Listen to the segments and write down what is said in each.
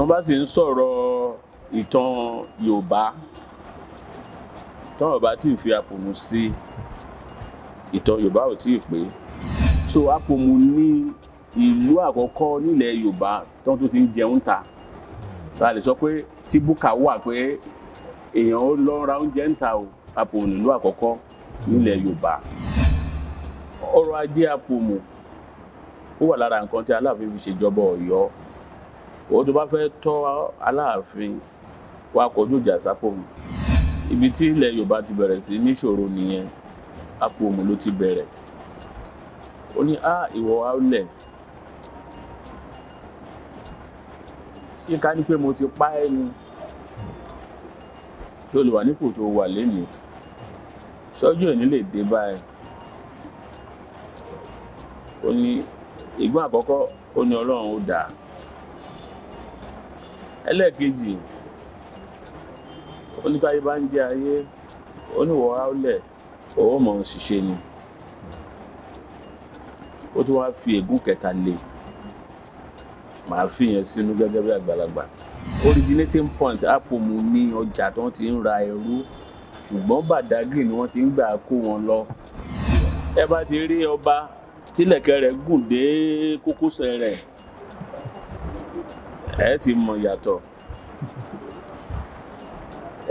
tó bá sì ń sọ̀rọ̀ ìtàn Yorùbá tọ́rọ̀ bá tí ì fi àpòmù sí ìtàn Yorùbá ò tí ì pé so àpòmù ní ìlú àkọ́kọ́ nílẹ̀ Yorùbá tó tún ti ń jẹun ta ta lè sọ pé tí búkà wà pé èèyàn ó lọ ra oúnjẹ ń ta o àpòmù nílùú àkọ́kọ́ nílẹ̀ Yorùbá ọrọ̀ ajé àpòmù ó wà lára nǹkan tí Aláàfin fi ṣèjọba Ọ̀yọ́ wọ́n tó bá fẹ́ tọ́ aláàfin wa kọjú ìjà sápòmù ibi tí ilẹ̀ yorùbá ti bẹ̀rẹ̀ sí níṣòro nìyẹn àpòmù ló ti bẹ̀rẹ̀ ó ní a ìwọ àwọlẹ̀ ṣé ká ní pé mo ti pa ẹ́ ni tí o lè wà nípò tó wà lénìí sọ́jú ẹ̀ ní dé báyìí ó ní ìgbọ́n àkọ́kọ́ ó ní ọlọ́run ó dáa ẹlẹ́ẹ̀kejì onítáyé bá ń jẹ ayé oníwọ̀ áúlẹ̀ owó mọ̀ ń ṣiṣẹ́ ni ó tún wáá fi ègún kẹta lé màá fi yẹn sínú gẹ́gẹ́ bí àgbàlagbà originating point apom ní ọjà tó ti ń ra ẹrú ṣùgbọ́n Badagry ni wọ́n ti ń gbà kó wọn lọ ẹ bá ti rí ọba tílẹ̀kẹ̀ rẹ̀ gùn dé kókósẹ̀ rẹ̀ ẹ ti mọ ìyàtọ̀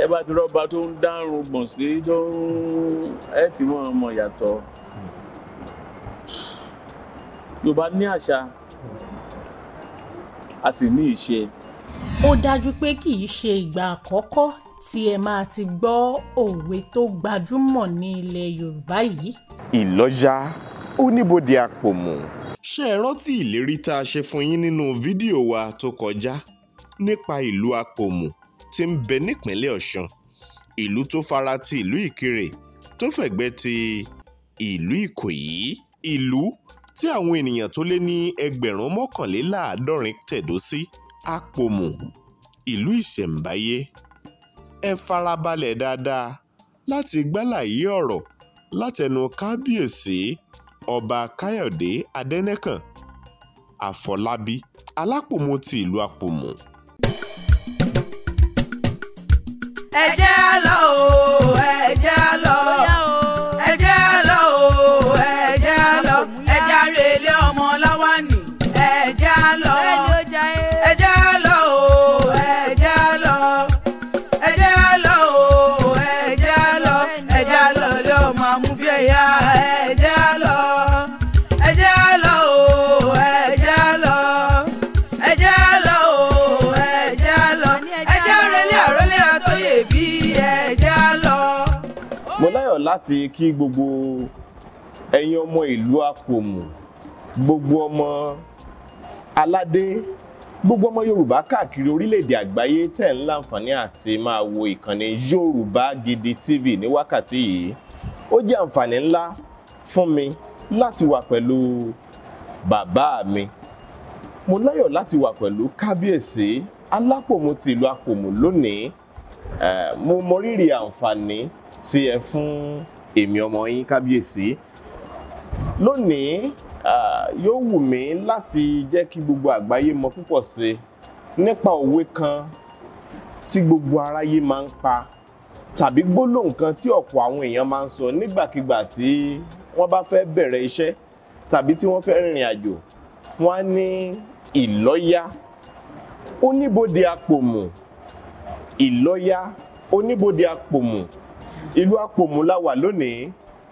ẹ bá ti rọ́bà tó ń dárun gbọ̀n sí tó ń ẹ ti mọ ọmọ ìyàtọ̀ Yorùbá ní àṣà a sì ní ìṣe. ó dájú pé kì í ṣe ìgbà àkọ́kọ́ tí ẹ máa ti gbọ́ òwe tó gbajúmọ̀ ní ilẹ̀ Yorùbá yìí. ìlọ́jà oníbodè àpòmù ṣé ẹ rántí ìlérí tá a ṣe fún yín nínú fídíò wa tó kọjá nípa ìlú apòmù tí ń bẹ nípínlẹ̀ ọ̀ṣun ìlú tó fara ti ìlú ìkirè tó fẹ̀gbẹ́ ti ìlú ìkòyí ìlú tí àwọn ènìyàn tó lé ní ẹgbẹ̀rún mọ́kànléláàádọ́rin tẹ̀dó sí apòmù ìlú ìṣẹ̀ǹbáyé ẹ farabalẹ̀ dáadáa láti gbálàyé ọ̀rọ̀ látẹnu kábíyèsí ọba káyọ̀dé adẹ́nẹ́kàn àfọlábí alápòmù ti ìlú àpòmù. ẹ jẹ́ àlọ́ o. láti kí gbogbo ẹ̀yin ọmọ ìlú Àpòmù gbogbo ọmọ aládé gbogbo ọmọ Yorùbá káàkiri orílẹ̀-èdè àgbáyé tẹ̀ ń láǹfààní àti máa wo ìkànnì Yorùbá Gidi TV ní wákàtí yìí ó jẹ́ àǹfààní ńlá fún mi láti wà pẹ̀lú bàbá mi mo láyọ̀ láti wà pẹ̀lú kábíyèsí Alápòmù ti ìlú Àpòmù lónìí mo mọrírì àǹfààní tí ẹ fún èmi ọmọ yín kábíyèsí lónìí yóò wù mí láti jẹ́ kí gbogbo àgbáyé mọ púpọ̀ sí nípa òwe kan tí gbogbo aráyé máa ń pa tàbí gbólóhùn kan tí ọ̀pọ̀ àwọn èèyàn máa ń sọ nígbàkigbà tí wọ́n bá fẹ́ bẹ̀rẹ̀ iṣẹ́ tàbí tí wọ́n fẹ́ rìnrìn àjò wọ́n á ní ìlọ́yà oníbodè apòmù ìlọ́yà oníbodè apòmù ìlú àpòmù la wà lónìí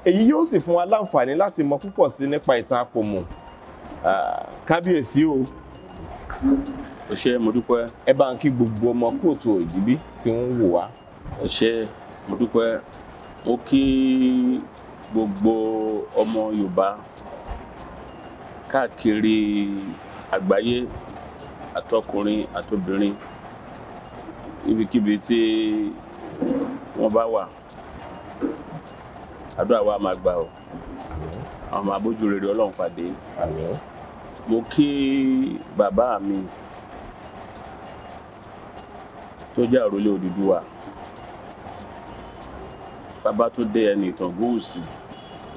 èyí yóò sì fún wa láǹfààní láti mọ púpọ̀ sí nípa ìtàn àpòmù kábíyèsí o. ò ṣe mo dúpẹ́. ẹ bá ń kí gbogbo ọmọ kóòtù òjìbí tí ń wò wá. ò ṣe mo dúpẹ́ mo kí gbogbo ọmọ Yorùbá káàkiri àgbáyé àtọkùnrin àtobìnrin ibikíbi tí wọ́n bá wà àdúrà wa máa gbà o àwọn abójú rere ọlọ́run pàdé mo kí bàbá mi tó jẹ́ àròlé Odùduwà bàbá tó dé ẹni ìtàn gúúsì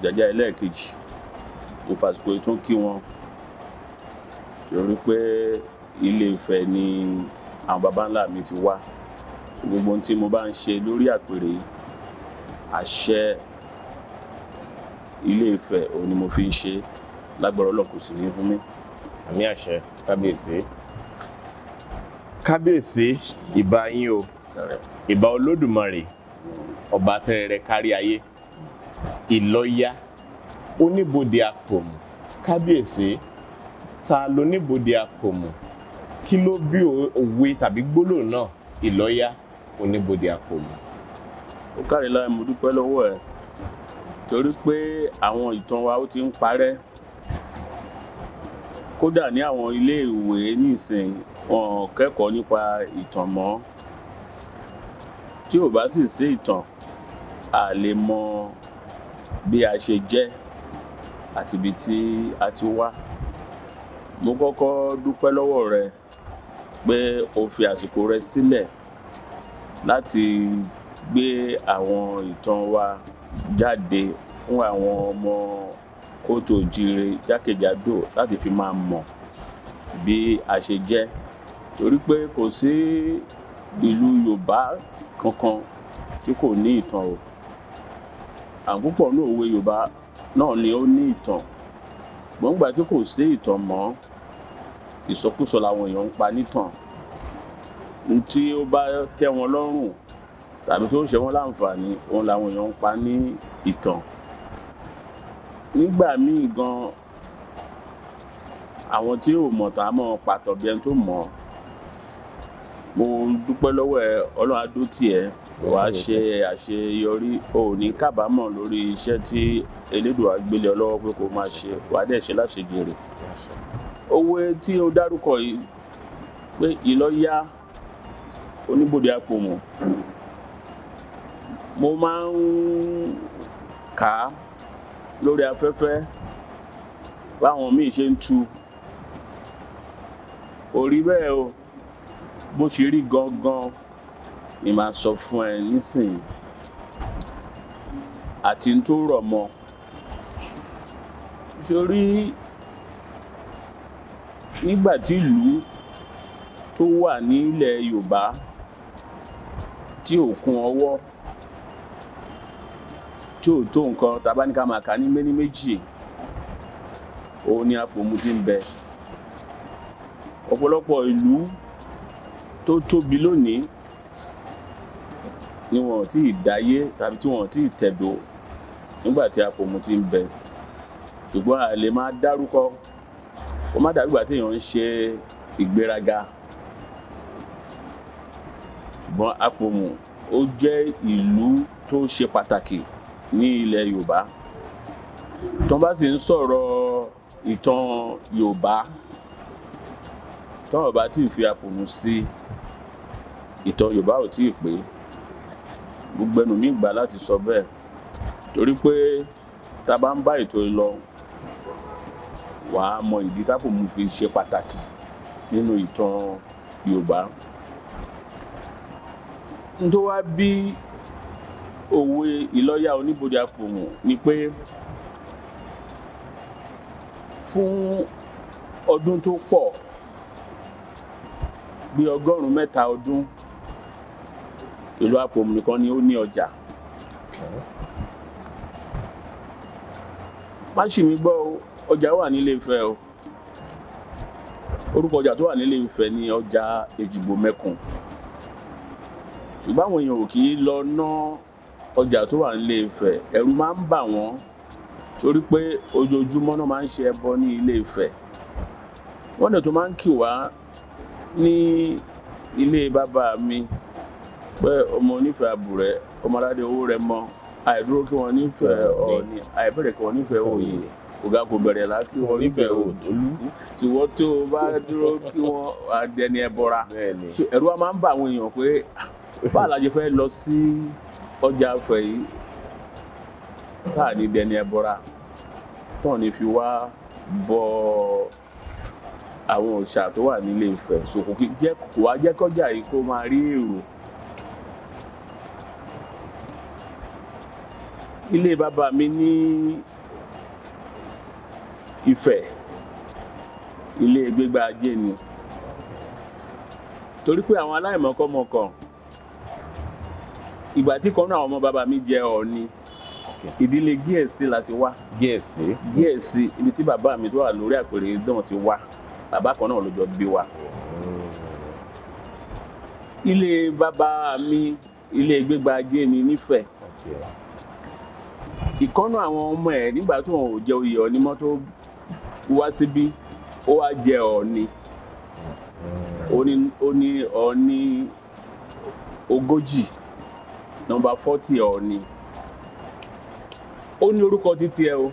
ìjàjà ẹlẹ́ẹ̀kejì mo fàsìkò tó kí wọn torí pé Ilé Ifẹ̀ ni àwọn baba ńlá mi ti wá gbogbo ohun tí mo bá ń ṣe lórí àpèrè àṣẹ ilé Ifẹ̀ òun ni mo fi ń ṣe lágbára Ọlọ́run kò sì ní fún mi. àmì àṣẹ kábíyèsí. kábíyèsí ìbà yín o ìbà olódùmarè ọba tẹrẹrẹ kárí ayé ìlọ́yà oníbodè àpòmù kábíyèsí ta lóníbodè àpòmù kí ló bí òwe tàbí gbólóhùn náà ìlọ́yà oníbodè àpòmù. ó kárí láì mo dúpẹ́ lọ́wọ́ ẹ̀ torí pé àwọn ìtàn wa ó ti ń parẹ́ kódà ní àwọn iléèwé nísìn wọn ò kẹ́kọ̀ọ́ nípa ìtàn mọ́ tí ò bá sì sí ìtàn a lè mọ bí a ṣe jẹ́ àti ibi tí a ti wá mo kọ́kọ́ dúpẹ́ lọ́wọ́ rẹ pé o fi àsìkò rẹ sílẹ̀ láti gbé àwọn ìtàn wa jáde fún àwọn ọmọ kóòtù òjìire jákèjádò láti fi máa mọ̀ bí a ṣe jẹ́ torí pé kò sí ìlú Yorùbá kankan tí kò ní ìtàn o àpúpọ̀ ní òwe Yorùbá náà ni ó ní ìtàn ṣùgbọ́n gbà tí kò sí ìtàn mọ́ ìsọkúsọ làwọn èèyàn ń pa nítàn tí ó bá tẹ́ wọn lọ́rùn tàbí tó ń ṣe wọ́n láǹfààní òun làwọn èèyàn ń pa ní ìtàn nígbà míì gan àwọn tí ò mọ̀ tá a mọ̀ pàtó bí ẹni tó mọ̀ mo dúpẹ́ lọ́wọ́ ẹ ọlọ́run adó tiẹ̀ wàá ṣe àṣeyọrí o ò ní kábàámọ̀ lórí iṣẹ́ tí elédùà gbélé ọlọ́wọ́ pé kó máa ṣe wàá dẹ̀ ṣe láṣejèrè owó tí o dárúkọ yìí pé ìlọ́yà oníbòde àpò mo máa ń kà á lórí afẹ́fẹ́ láwọn míì ṣe ń tu orí bẹ́ẹ̀ o bó ṣe rí gangan ni màá sọ fún ẹ nísìnyí àti tó rọ̀ mọ́ sórí nígbà tí ìlú tó wà nílẹ̀ Yorùbá tí òkun ọwọ́ tí ò tó nǹkan tàbá ní ká máa kà ní méní méjì òun ni àpòmù ti ń bẹ ọ̀pọ̀lọpọ̀ ìlú tó tóbi lónìí ni wọn ò tí ì dáyé tàbí tí wọn ò tí ì tẹ̀dó nígbà tí àpòmù ti ń bẹ ṣùgbọ́n a lè máa dárúkọ kó má dàbí ìgbà tí èèyàn ń ṣe ìgbéraga ṣùgbọ́n àpòmù ó jẹ́ ìlú tó ṣe pàtàkì ní ilẹ̀ yorùbá tó bá sì ń sọ̀rọ̀ ìtàn yorùbá tọ́wọ́ bá tí ì fi àpòmù sí ìtàn yorùbá ò tí ì pé gbogbo ẹnu mi gbà láti sọ bẹ́ẹ̀ torí pé tá a bá ń bá ètò lọ wàá mọ ìdí tápòmù fi ṣe pàtàkì nínú ìtàn yorùbá n tó wá bí òwe ìlọ́yà oníbodè apòmù ni pé fún ọdún tó pọ̀ bí ọgọ́rùn-ún mẹ́ta ọdún ìlú apòmù nìkan ni ó ní ọjà. má ṣì mí gbọ́ ọjà wà nílé Ifẹ̀ o orúkọ ọjà tó wà nílé Ifẹ̀ ni ọjà Èjìgbò Mẹ́kùn ṣùgbọ́n àwọn èèyàn ò kì í lọ ná. No ọjà tó wà nílé Ifẹ̀ ẹ̀rù máa ń bà wọ́n torí pé ojoojúmọ́ náà máa ń ṣe ẹbọ ní ilé Ifẹ̀ wọ́n dẹ̀ tó máa ń kì wá ní ilé bàbá mi pé ọmọ onífẹ̀ẹ́ àbúrẹ́ ọmọládé owó rẹ mọ àìdúró kí wọ́n nífẹ̀ẹ́ ọ̀ọ́ni àìbẹ̀rẹ̀ kí wọ́n nífẹ̀ẹ́ òye ọ̀gá kò bẹ̀rẹ̀ láti wọ́n nífẹ̀ẹ́ òdòlú tiwọ́ tó o bá dúró kí wọ́n adẹni ẹbọra ẹ̀rù wa máa ń bà àwọn èèyàn pé ah, báàlájẹ fẹ́ lọ sí ọjà afọ yìí tá à ní dẹni ẹbọra tán ni fi wá bọ àwọn òòṣà tó wà nílé Ifẹ̀ ṣòkò kí jẹ́ kò wá jẹ́ kọjá yìí kó máa rí èrò. ilé bàbá mi ní Ifẹ̀ ilé gbégbá ajé ni torí pé àwọn aláìmọ̀kọ́mọkàn ìgbà tí kan náà àwọn ọmọ bàbá mi jẹ ọ̀ọ́ni ìdílé gíẹ̀sì láti wá gíẹ̀sì gíẹ̀sì ibi tí bàbá mi tó wà lórí àpèrè náà ti wá bàbá kan náà ló jọ bí wa. ilé bàbá mi ilé gbégbá ajé ni nífẹ̀ẹ́ ìkọ́nà àwọn ọmọ ẹ̀ nígbà tó wọn ò jẹ oyè ọ̀ọ́ni mọ́ tó wá síbí ó wá jẹ ọ̀ọ́ni mm-hmm. ó ní ọ̀ọ́ni ogójì nọmba forty ọ̀ọ̀ni ó ní orúkọ títí ẹ o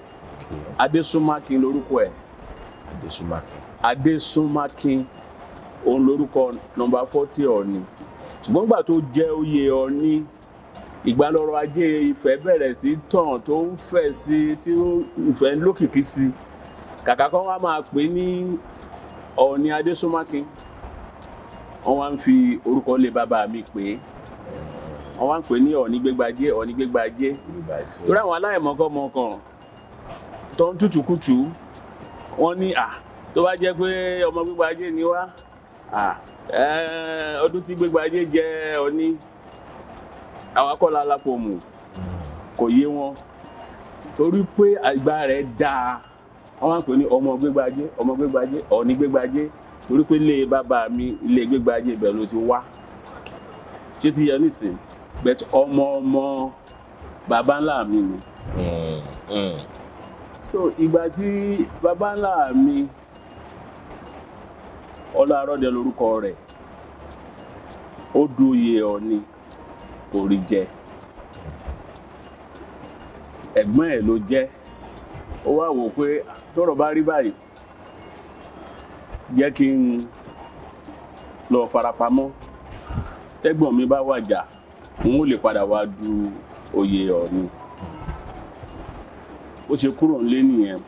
adesumaki lórúkọ ẹ adésúnmákin adesumaki òun lórúkọ nọmba forty ọ̀ọ̀ni ṣùgbọ́n nígbà tó jẹ́ oyè ọ̀ọ̀ni ìgbàlọ́rọ̀ ajé ìfẹ́ bẹ̀rẹ̀ sí tàn tó ń fẹ̀ sí tí ìfẹ́ ń lókìkí sí kàkà kan wá máa pè ní ọ̀ọ̀ni adésúnmákin wọ́n wá ń fi orúkọ lé bàbá mi pè é wọ́n wá ń pè ní ọ̀ọ́ni gbégbajé ọ̀ọ́ni gbégbajé torí àwọn aláìmọ̀kọ́mọkàn tó ń tútùkùtù wọ́n ní à tó bá jẹ́ pé ọmọ gbégbajé ni wá ọdún tí gbégbajé jẹ ọ̀ọ́ni àwakọ̀lá alápòmù kò yé wọn torí pé àgbà rẹ̀ dáa wọ́n wá ń pè ní ọmọ gbégbajé ọmọ gbégbajé ọ̀ọ́ni gbégbajé torí pé ilé bàbá mi ilé gbégbajé ibẹ̀ ti wá ṣé ti yẹ nísìnyí but ọmọ ọmọ bàbá ńlá mi ni. Hmm, hmm. so ìgbà tí bàbá ńlá mi ọlọ́arọ́dẹ lórúkọ rẹ̀ ó dòye ọ̀ni kò rí jẹ ẹ̀gbọ́n ẹ̀ ló jẹ́ ó wá wò pé tọ́rọ̀ bá rí báyìí jẹ́ kí n lọ farapamọ́ tẹ́gbọ̀n mi bá wàjà. Ja n ó lè padà wá du oyè ọ̀run ó ṣe kúrò nílé nìyẹn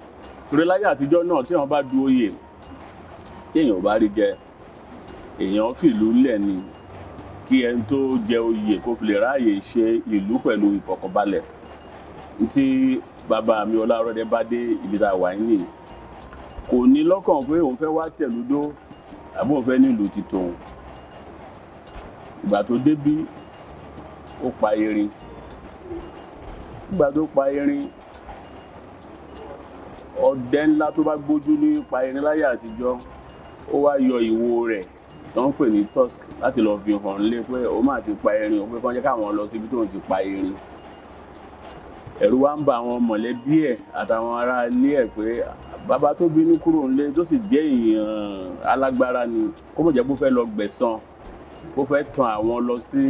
torí láyé àtijọ́ náà tí wọ́n bá du oyè téèyàn ò bá rí jẹ èèyàn fìlú lẹ̀ ni kí ẹni tó jẹ oyè kó fi lè ráàyè ṣe ìlú pẹ̀lú ìfọ̀kànbalẹ̀ tí bàbá mi Ọlárọ̀dé bá dé ibi tá a wà yìí kò ní lọ́kàn pé òun fẹ́ wá tẹ̀lúdó àbí òun fẹ́ nílùú ti tòun ìgbà tó débí ó pa erin nígbà tó pa erin ọdẹ ńlá tó bá gbójú ní pa erin láyé àtijọ́ ó wá yọ ìwo rẹ̀ tó ń pè ní tusk láti lọ fi hàn lé pé ó máa ti pa erin òun pé kán jẹ́ káwọn lọ síbi tóun ti pa erin ẹ̀rù wa ń ba àwọn mọ̀lẹ́bí ẹ̀ àtàwọn ará ilé ẹ̀ pé bàbá tó bínú kúrò ńlé tó sì jẹ́ èèyàn alágbára ni kó mọ̀ jẹ́ fẹ́ lọ gbẹ̀san kó fẹ́ tan àwọn lọ sí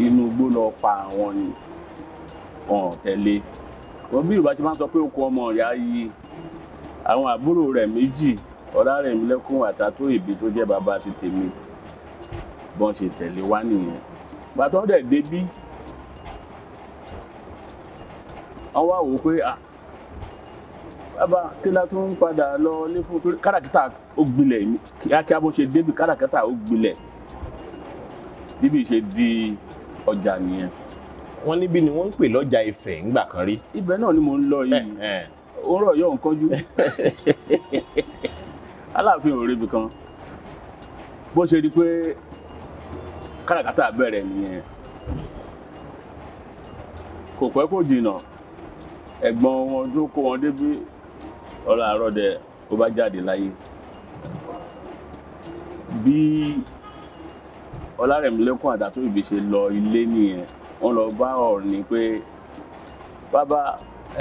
inú igbó lọ pa àwọn ni ọ̀n tẹ̀lé wọn bí Yorùbá ti máa ń sọ pé oko ọmọ ìyá yìí àwọn àbúrò rẹ̀ méjì Ọlárẹ̀mílẹ́kùn Àtàtóyèbí tó jẹ́ bàbá ti tèmi bọ́n ṣe tẹ̀lé wá nìyẹn gbàtọ́ dẹ̀ débí wọ́n wá wò ó pé ah bàbá kí la tún padà lọ ilé fún torí káràkátà ó gbilẹ̀ kíákíá bó ṣe débí káràkátà ó gbilẹ̀ bíbí ṣe di. ọjà nìyẹn. wọn níbi ni wọ́n ń pè lọ́jà Ifẹ̀ ńgbà kan rí. ibẹ̀ náà ni mo ń lọ yìí òórọ̀ eh, eh. yóò ń kọjú aláàfin ò kan bó ṣe di pé káràkátà bẹ̀rẹ̀ nìyẹn kò pẹ́ kò jìnnà ẹ̀gbọ́n wọn tó kó wọn débi ọ̀la àròdẹ ó bá jáde láyé bí ọlárẹ̀mílẹ́kùn àdàtúnbí ṣe lọ ilé nìyẹn wọ́n lọ bá Ọọ̀ni pé bàbá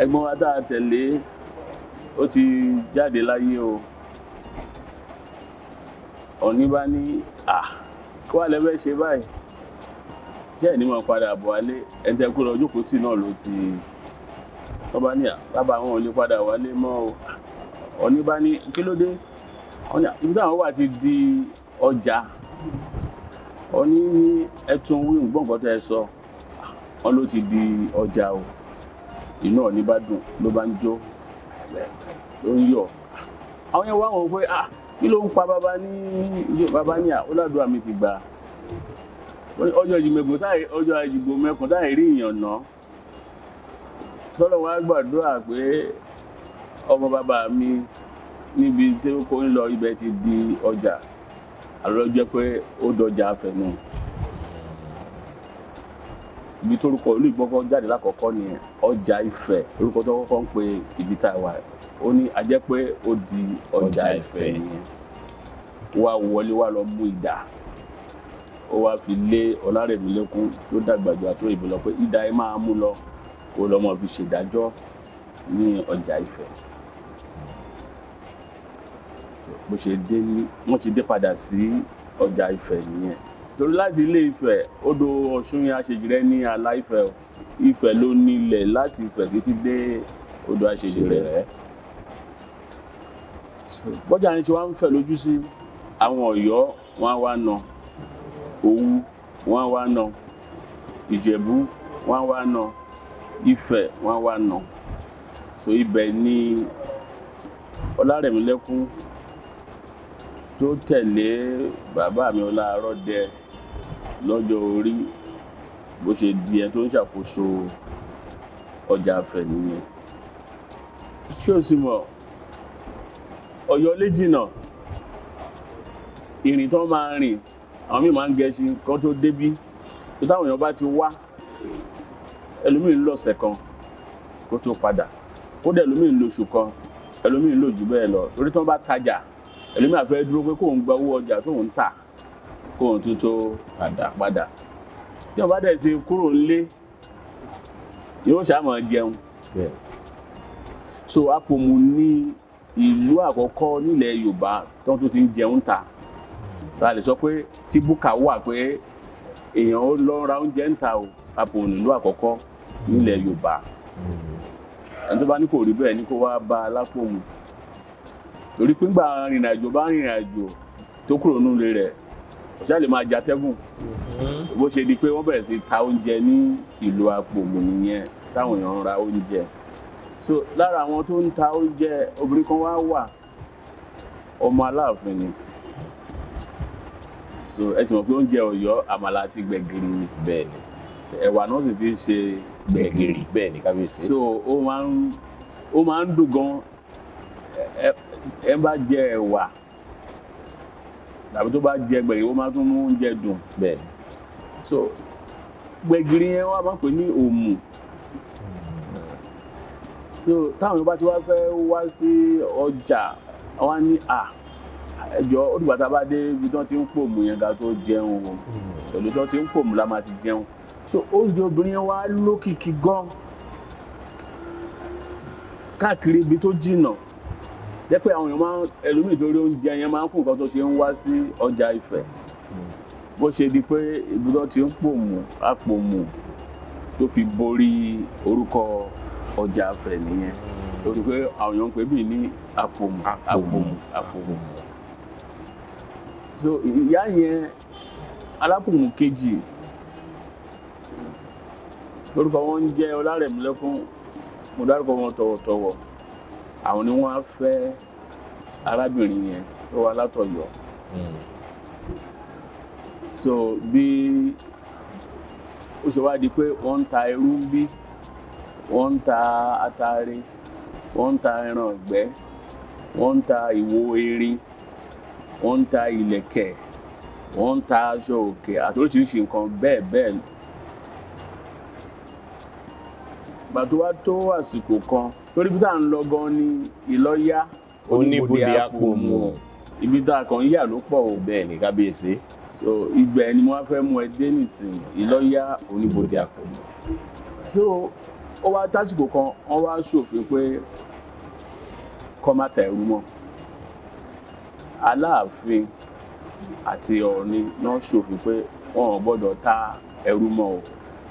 ẹ̀gbọ́n wa tá a tẹ̀lé ó ti jáde láyé o Ọọ̀ni bá ní à kó wà lẹ́fẹ́ ṣe báyìí ṣé ẹ̀ ní mọ̀ padà bọ̀ wálé ẹ̀ńtẹ́kù lọ jókòó tì náà ló ti wọ́n bá ní à bàbá àwọn ò lè padà wálé mọ́ o Ọọ̀ni bá ní kí ló dé ibi táwọn wà ti di ọjà ọ ní ẹtún wí nǹkan kan tẹ́ ẹ sọ wọn ló ti di ọjà o iná ọ̀ ní bá dùn ló bá ń jó ló ń yọ̀ àwọn yẹn wá wọn pé ah kí ló ń pa bàbá ní bàbá ní àóládùá mi ti gbà ọjọ́ ìjìmẹ̀gbọ̀n táyé ọjọ́ ìjìgbò mẹ́kùn táyé rí ìyàn ná tọ́lọ̀ wá gbàdúrà pé ọmọ bàbá mi níbi tí ó kó ń lọ ibẹ̀ ti di ọjà àlọ́ jẹ́ pé ó dọjà àfẹnù ibi tó orúkọ olú ìgbọ́kọ́ jáde lákọ̀ọ́kọ́ ni ọjà Ifẹ̀ orúkọ tó kọ́kọ́ ń pe ibi tá a wà ó ní a jẹ́ pé ó di ọjà Ifẹ̀ nìyẹn wá wọlé wá lọ mú ìdá ó wá fi lé Ọlárẹ̀mí lẹ́kún tó dàgbàjọ tó ìbí pé ìdá ẹ máa mú lọ kó lọ́mọ fi ṣèdájọ́ ní ọjà Ifẹ̀ bó ṣe dé wọ́n ti dé padà sí ọjà Ifẹ̀ nìyẹn torí láti ilé Ifẹ̀ odò Ọ̀ṣun yẹn àṣejìrẹ́ ní àlà Ifẹ̀ o Ifẹ̀ ló nílẹ̀ láti Ifẹ̀ títí dé odò àṣejìrẹ́ bọ́jà yẹn ṣe wá ń fẹ̀ lójú sí àwọn Ọ̀yọ́ wọn á wá nà Òwu wọn á wá nà Ìjẹ̀bú wọn á wá nà Ifẹ̀ wọn á wá nà so ibẹ̀ ni Ọlárẹ̀mílẹ́kún tó tẹ̀lé bàbá mi Ọláródé lọ́jọ́ orí bó ṣe di ẹ tó ń ṣàkóso ọjà Ifẹ̀ nìyẹn ṣé o sì mọ̀ Ọ̀yọ́ lè jìnnà ìrìn tó máa ń rìn àwọn míì máa ń gẹṣin kan tó débí tó táwọn èèyàn bá ti wá ẹlòmíì ń lọ̀sẹ̀ kan kó tó padà kódà ẹlòmíì ń lóṣù kan ẹlòmíì ń lò jù bẹ́ẹ̀ lọ torí tó bá tajà ẹlòmíà fẹ́ dúró pé kóun gba owó ọjà tóun tà kóun tún tó padà tí wọn bá dẹ̀ ti kúrò nílé yóò ṣàmọ̀ jẹun so apòmù ní ìlú àkọ́kọ́ nílẹ̀ Yorùbá tó tún ti ń jẹun ta ta lè sọ pé tí búkà wà pé èèyàn ó lọ ra oúnjẹ ń ta o apòmù nílùú àkọ́kọ́ nílẹ̀ Yorùbá hmm. ẹni tó bá ní kò rí bẹ́ẹ̀ ni kó wá bá alápòmù torí pé ńgbà rìnrìn àjò bá rìnrìn àjò tó kúrò nílé rẹ̀ ọ̀ṣà lè máa jatẹ́gùn mm-hmm. bó ṣe di pé wọ́n bẹ̀rẹ̀ sí ta oúnjẹ ní ìlú Apòmù nìyẹn táwọn èèyàn ń ra oúnjẹ so lára àwọn tó ń ta oúnjẹ obìnrin kan wá wà ọmọ Aláàfin ni so ẹ ti mọ̀ pé oúnjẹ Ọ̀yọ́ àmàlà àti gbẹ̀gìrì ni bẹ́ẹ̀ ni ẹ̀wà náà sì fi ṣe gbẹ̀gìrì bẹ́ẹ̀ ni kábíyèsí so ó máa ń ó máa ń dùn gan ẹ bá jẹ ẹ̀wà tàbí tó bá jẹ gbẹ̀gìrì ó máa tún mú oúnjẹ dùn. bẹ́ẹ̀ so gbẹ̀gìrì yẹn wà máa pè ní òmù so táwọn bá ti wá fẹ́ wá sí ọjà wá ní à ẹjọ́ ó a bá dé ibi tí wọ́n ti ń pòmù yẹn ga tó jẹun o pẹ̀lú tí wọ́n ti ń pòmù la máa ti jẹun so oúnjẹ obìnrin yẹn wá lókìkí gan káàkiri ibi tó jìnnà. No jẹ́ pé àwọn èèyàn máa ẹlòmíì torí oúnjẹ yẹn máa ń kó nǹkan tó ṣe ń wá sí ọjà Ifẹ̀ bó ṣe di pé ibùdó ti ń pòmù àpòmù tó fi borí orúkọ ọjà Ifẹ̀ nìyẹn torí pé àwọn èèyàn ń pè bíi ní àpòmù àpòmù àpòmù so ìyá yẹn alápòmù kejì lórúkọ wọn ń jẹ́ Ọlárẹ̀mílẹ́kún mo dárúkọ wọn tọ̀wọ̀tọ̀wọ̀ àwọn ni wọ́n á fẹ́ arábìnrin yẹn tó wá látọ̀yọ́ hmm. so bí ó ṣe wá di pé wọ́n ń ta irú ń bí wọ́n ń ta atare wọ́n ń ta ẹran ọ̀gbẹ́ wọ́n ń ta ìwo erin wọ́n ń ta ìlẹ̀kẹ̀ wọ́n ń ta aṣọ òkè àti oríṣiríṣi nǹkan bẹ́ẹ̀ bẹ́ẹ̀ gbà tó àsìkò kan torí bí tá à ń lọ gan ni ìlọ́yà oníbodè àpò mu ibi tá a kàn ń yà ló pọ̀ o. bẹ́ẹ̀ ni kábíyèsí. so ìgbà ẹni mo wá fẹ́ mú ẹ dé nìsín ìlọ́yà oníbodè àpò mu. so ó wá tásìkò kan wọ́n wá ṣòfin pé kọ́ má ta ẹrú mọ́ aláàfin àti ọ̀ọ̀ni náà ṣòfin pé wọn ò gbọ́dọ̀ ta ẹrú mọ́ o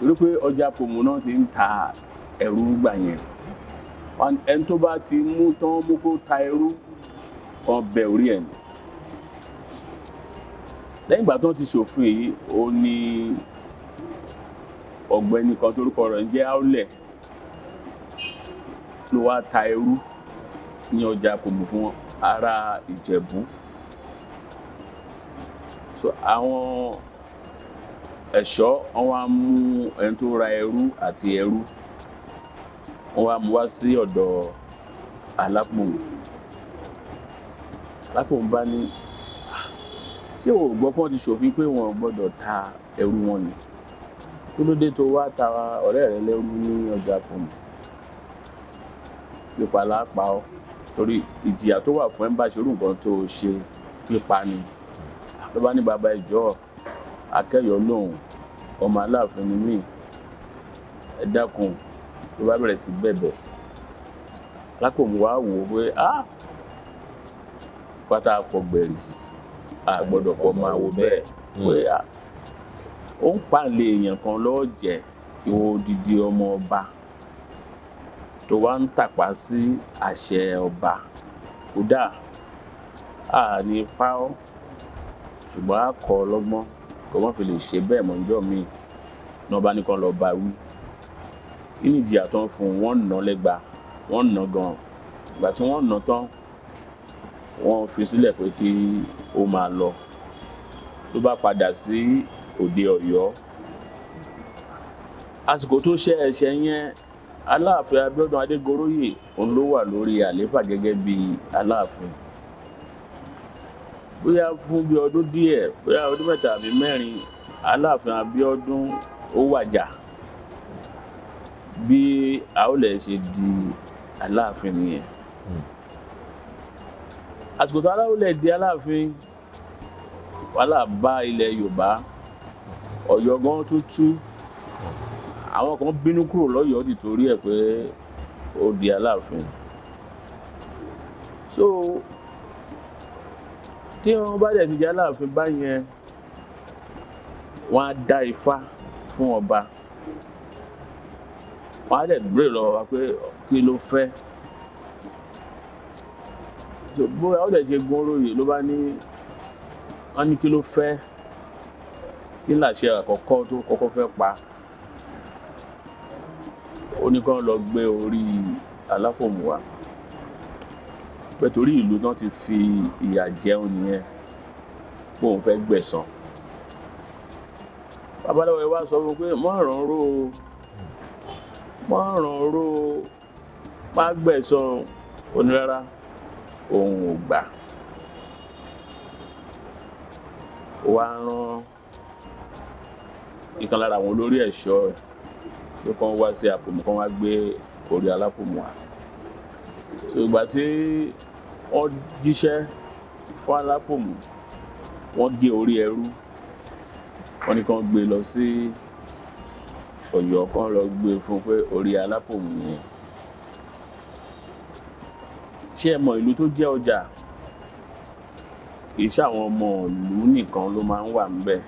torí pé ọjà pòmù náà ti ń ta ẹrú gbà yẹn ẹni tó bá ti mú tán mú kó ta irú ọbẹ̀ orí ẹ̀ nù lẹ́yìn ìgbà tó ti ṣòfin yìí ó ní ọ̀gbẹ́ni kan torúkọ rẹ̀ ń jẹ́ aulẹ̀ ló wá ta irú ní ọjà kòmù fún ará ìjẹ̀bú so àwọn ẹ̀ṣọ́ wọn wá mú ẹni tó ra ẹrú àti ẹrú wọ́n wá mú wá sí ọ̀dọ̀ alápò alápò bá ní ah, ṣé o gbọ́ pọ́n ti ṣòfin pé wọn ò ta ẹrú wọn ni kí ló dé tó wá ta ọ̀rẹ́ rẹ lẹ́rú ní ọjà pọ̀nù pípa lápá ọ torí ìjìyà tó wà fún ẹ ń bá ṣerú nǹkan tó ṣe pípa ni ló bá ní bàbá ìjọ akẹ́yọ̀ lòun ọmọ aláàfin ni mí ẹ dákun ló bá bẹ̀rẹ̀ sí bẹ̀bẹ̀ alákòmù wa wò ó pé ah pátá pọ̀ gbẹ̀rì a gbọ́dọ̀ pọ̀ máa wo bẹ́ẹ̀ hmm. pé ah ó ń pàǹlẹ èèyàn kan lọ́ọ́ jẹ́ ìwọ odidi ọmọ ọba tó wá ń tàpá sí àṣẹ ọba kódà a ní pa ọ́ ṣùgbọ́n a kọ́ ọ lọ́gbọ́n kó má fi lè ṣe bẹ́ẹ̀ mọ́jọ́ mi náà bá ní kan lọ́ọ́ bá wí nínú ìjìyà tó ń fún wọn nà lẹ́gba wọn nà gan ìgbà tí wọ́n nà tán wọ́n fi sílẹ̀ pé kí ó máa lọ ló bá padà sí òde Ọ̀yọ́ àsìkò tó ṣe ẹ̀ṣẹ̀ yẹn aláàfin Abíọ́dún Adégoróyè òun ló wà lórí àlééfà gẹ́gẹ́ bí aláàfin bóyá fún bí ọdún díẹ̀ bóyá ọdún mẹ́ta àbí mẹ́rin aláàfin Abíọ́dún ó wàjà bí àólẹ̀ ṣe di aláàfin nìyẹn hmm. àsìkò tó aláwọ̀lẹ̀ di aláàfin wàhálà bá ilẹ̀ yorùbá ọ̀yọ́ gan tó tú hmm. àwọn kan bínú kúrò lọ́yọ̀ọ́ nítorí ẹ̀ pé ó di aláàfin so tí wọn bá dẹ̀ ti di aláàfin báyẹn wọn á dá ifá fún ọba wọ́n á dẹ̀ bèrè lọ́wọ́ wa pé kí ló fẹ́ bóyá ó dẹ̀ ṣe gun oróyè ló bá ní wọ́n ní kí ló fẹ́ kí làṣẹ àkọ́kọ́ tó kọ́kọ́ fẹ́ pa ó ní kí wọ́n lọ gbé orí alákòmù wa pé torí ìlú náà ti fi ìyà jẹun nìyẹn pé òun fẹ́ gbẹ̀san babaláwo ẹ wá sọ fún pé mọ́ rò ó márùn ro págbẹ̀sán onírárá òun ò gbà ó wá rán ìkan lára àwọn olórí ẹ̀ṣọ́ ẹ̀ pé wá sí àpòmù kán wá gbé orí alápòmù wa so ìgbà tí wọ́n jíṣẹ́ fún alápòmù wọ́n gé orí ẹrú wọ́n ní kán gbé lọ sí. Si, Ọ̀yọ́ kan lọ gbé e fún pé orí alápòmù yẹn ṣé ẹ mọ ìlú tó jẹ́ ọjà kì í ṣàwọn ọmọ ìlú nìkan ló máa ń wà níbẹ̀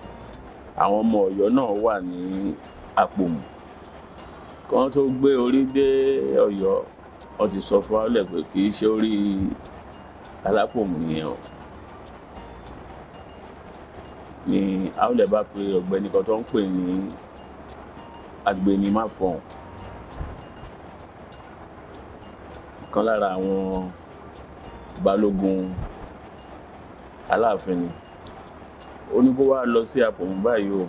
àwọn ọmọ Ọ̀yọ́ náà wà ní àpòmù kan tó gbé orí dé Ọ̀yọ́ ó ti sọ fún alẹ pé kì í ṣe orí alápòmù yẹn o ni aulẹ bá pe ọ̀gbẹ́ni kan tó ń pè ní agbẹnimáfọ̀hùn kan lára àwọn balógun aláàfin ni ó ní kó wá lọ sí àpòmù báyìí o